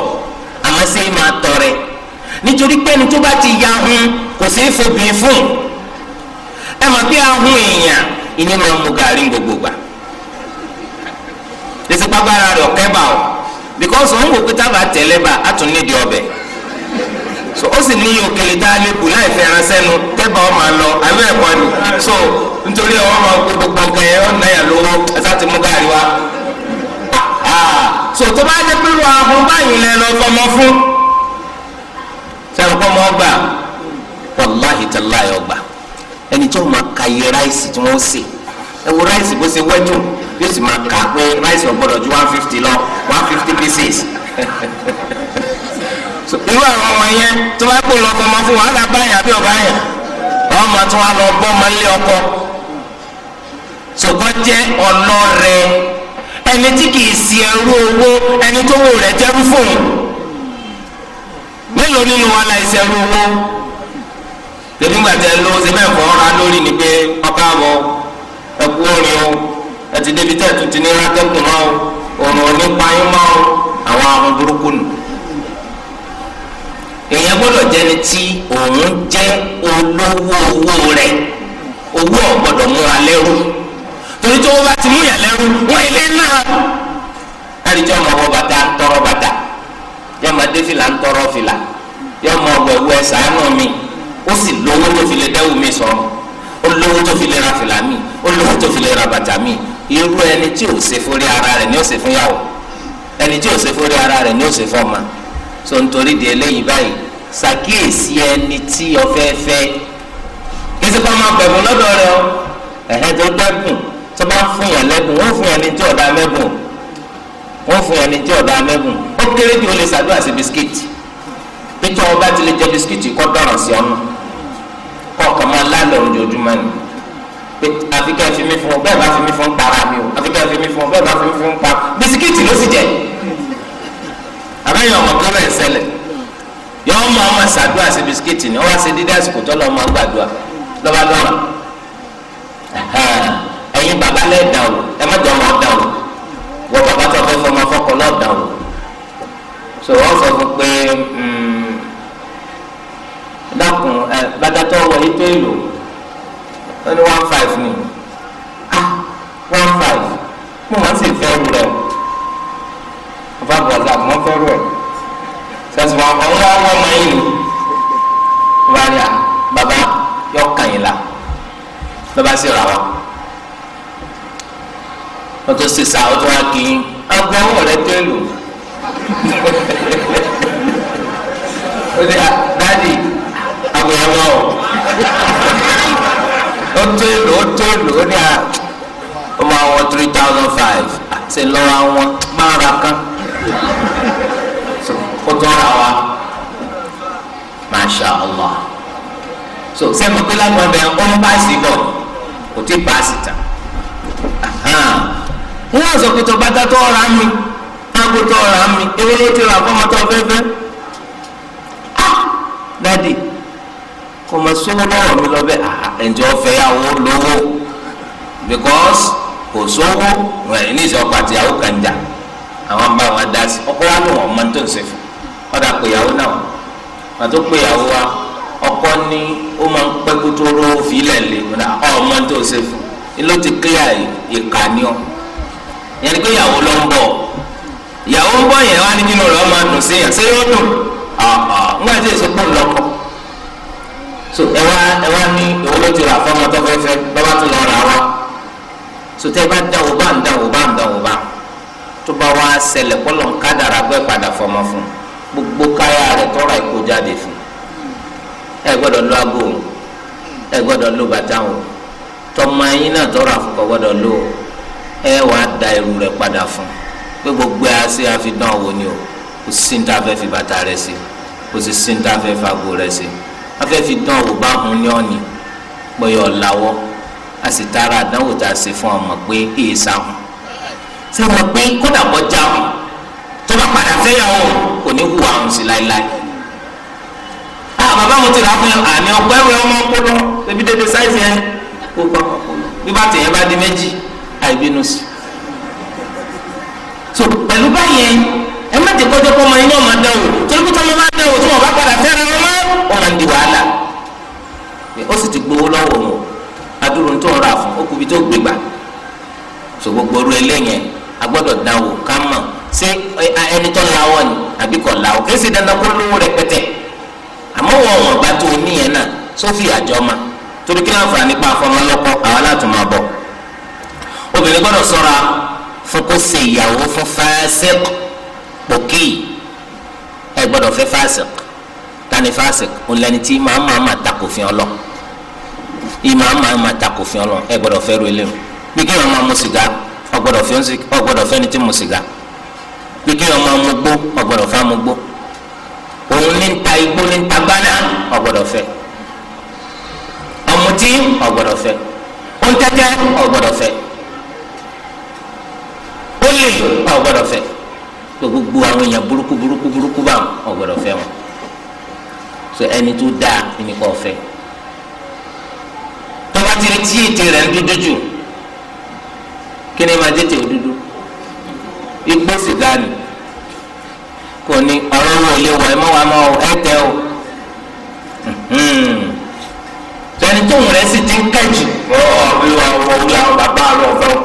Speaker 1: àmọ́ sí máa tọrẹ nítorí pé ẹni tó bá ti ya hun kò sí fòbìn fún ẹ mọ̀ pé ahun èèyàn ìní máa mu gàrí gbogbo gbà èsì pàgbára rẹ̀ ọ̀kẹ́ bá o. because òun kò pété àbá tẹ̀lé bá a ọbẹ̀ so ó sì ní òkèlè tá a láì fẹ́ ẹran sẹ́nu tẹ́bà ọmọ àlọ́ àlọ́ ẹ̀kọ́ ni so nítorí ọmọ ọmọ gbogbo nǹkan yẹn ó náyà lówó ẹ̀sà ti mú gàrí wa so tó bá yẹ báyìí lẹ lọ fọmọ fún sẹ́wọ̀n kọ́mọ ọgbà wàláhìí ọgbà ẹni tí ka ráìsì tí wọ́n sè ẹ wo ráìsì bó ṣe wẹ́jú yóò sì máa kà á pé ráìsì ọ̀gbọ́dọ̀ ju one fifty lọ one fifty pieces irú àwọn ọmọ yẹn tó bá kó lọ ọmọ fún wàhálà báyìí àbí ọba yẹn ọmọ tó wà lọ bọ́ ọmọ ilé ọkọ ṣùgbọ́n jẹ́ ọlọ́rẹ ẹni tí kìí si ẹrú owó ẹni tó wò rẹ̀ jẹ́rú fóun mélòó nínú wa la ìṣẹ̀rú owó lẹ́nu gbàtẹ́ ló ṣe bẹ́ẹ̀ fọ́ ọ́ra lórí ni pé ọkọ̀ àbọ̀ ẹkú orin o ẹtì débi tẹ́ ẹ̀tún ní rákẹ́kùn máa o òrùn òní payín máa o àwọn àrùn burúkú nù. èèyàn gbọ́dọ̀ jẹ́ ni tí òun jẹ́ olówó owó rẹ̀ owó ọ̀gbọ́dọ̀ múra lẹ́rú torí tí wọ́n bá ti mú yàn lẹ́rú wọ́n ilé náà. ẹ̀ríjọ́ ọmọ ọwọ́ bàtà ń tọrọ bàtà yọ ọmọ adé fìlà ń tọrọ fìlà yọ ọmọ ọwọ́ ẹ̀wọ́ ẹ̀ sàánú mi ó sì lówó ló fi lè dẹ́wù mi sọ̀rọ̀ olówó tó fi lè ra fìlà mi olówó tó fi lè ra bàtà mi irú ẹni tí ò se fúnrí ara rẹ̀ ni ó ṣe fún yàwó ẹni tí ò ṣe fúnrí ara rẹ̀ ni ó ṣe fún ọmọ so nítorí di eléyìí báyìí ṣàkíyèsí ẹni tí ọfẹ́ fẹ́ kí sípò máa bẹ̀bùn lọ́dọ̀ rẹ o ẹ̀hẹ́ tó dẹ́gùn tó bá fún yàn lẹ́gùn wọ́n fún yàn ní tí ọ̀dà mẹ́gùn wọ́n fún yàn ní tí ọ̀dà mẹ́gùn ó kéré jù ó lè ṣàdúrà sí bisikíìtì pé tí ọba ti lè jẹ bisikíìtì kọ́ dọ̀rọ̀ sí ọmọ kọ̀ọ̀kan máa lálẹ́ ojoojúmọ́ ni pé àfikẹ́ fi mí fún ọ bẹ́ẹ̀ bá fi mí fún para mi o àfikẹ́ fi mí fún ọ bẹ́ẹ̀ bá fi mí fún pa bisikíìtì ló sì jẹ àbẹ́yẹ ọmọ kan bẹ́ẹ̀ ṣẹlẹ̀ yọ ọmọ ọmọ ṣàdúrà sí bisikíìtì ni ó wá ṣe dídí àsìkò tó lọ́ọ́ máa gbàdúrà lọ́ba lọ́ra ẹ̀yin bàbá lẹ́ẹ̀dá o ẹ má jọ ọmọ ọ̀dá o wọ bàbá tó fẹ́ fọmọ fọkọ lọ́ọ̀dá o sọ wọ́n sọ fún pé hmm, ọkọ̀ yìí tó ní one five ni ah one five mo máa ń sì fẹ́ rú rẹ̀ bàbá bàbá mo fẹ́ rú ẹ̀ sẹ́sìn wọn àwọn ọmọ ọmọ yìí ni wọ́n á ní à ah, bàbá yọ kàn la lọ́ba sì rà wá wọ́n tó ṣe sàá ó pé gbogbo ẹ ṣe àfidán wò ni o kò sí ní tá a fẹ́ fi bàtà rẹ sí kò sì sí ní a fẹ́ fagbó rẹ sí a fẹ́ fi dán wò bá hun ní ọ̀nì pẹ̀yọ̀ làwọ̀ a sì tara àdánwò tá a ṣe fún ọmọ pé èyí sáhùn ṣé mo pé kódà bọ́ jáhùn tó bá padà fẹ́yàwó kò ní hùwà àrùn sí láéláé bàbá mo ti rà fún yẹn àmì ọgbẹ́ wẹ ọmọ ọpọlọ ebi dédé sáìsì yẹn kó pa ọpọlọ bí bá tẹ̀yẹ bá di méjì àìbínú sí so pẹ̀lú báyẹn
Speaker 2: ẹ má ti kọjọ kọ́ ọmọ yín ní ọmọ dánwò torí
Speaker 1: pé tọ́mọ bá dánwò tí wọ́n bá padà fẹ́ra wọn mọ́ ọ̀ràn di wàhálà ó sì ti gbowó lọ́wọ́ wọn adúrò ń tó ọ̀rọ̀ àfọ̀ ó kubi tó gbégbà so gbogbo oru ẹlẹ́yìn a gbọ́dọ̀ dánwò ká mọ̀ ṣé ẹni tó lawọ́ ni àbí kò lawọ́ kì í ṣe dandan kó lówó rẹpẹtẹ àmọ́ wọn wọn bá tó níyẹn náà sófì àjọ ma torí kí láǹfààní pa àfọmọlọ́kọ àwọn aláàtúmọ̀ bọ̀ obìnrin gbọ́dọ̀ ṣọ́ra fún kó ṣe ìyàwó fún fásik pòkì ẹ gbọ́dọ̀ fẹ́ fásik tani fásik ònlẹni tí màá máa máa takò fi ọlọ ìmàá máa máa takò fi ọlọ ẹ gbọ́dọ̀ fẹ́ ro eléyìí bí kí wọn máa mu sìgá ọgbọ́dọ̀ fẹ́ ni tí mu sìgá bí kí wọn máa mu gbó ọgbọ́dọ̀ fẹ́ mu gbó òun ní ta igbó ní ta gbáná ọgbọ́dọ̀ fẹ́ ọmọtí ọgbọ́dọ̀ fẹ́ òun tẹ́tẹ́ ọgbọ́dọ̀ fẹ́ ó lè wọn ò gbọdọ̀ fẹ́ gbogbo àwọn èèyàn burúkú burúkú burúkú bá wọn ò gbọdọ̀ wọn so ẹni tó dáa ẹni kò fẹ́ tọ́ba ti rí tí ètè rẹ̀ ń dúdú jù kí ni máa tètè dúdú igbó sìgá ni kò ní ọ̀rọ̀ wo lè wọ̀ ẹ́ mọ́ wa mọ́ ẹ tẹ́ o tẹni tóun rẹ̀ sì ti ń kẹ́jì ọ̀ ọ̀ bí wọ́n wọ́n wí àwọn bàbá rẹ̀ ọ̀fẹ́ òkú.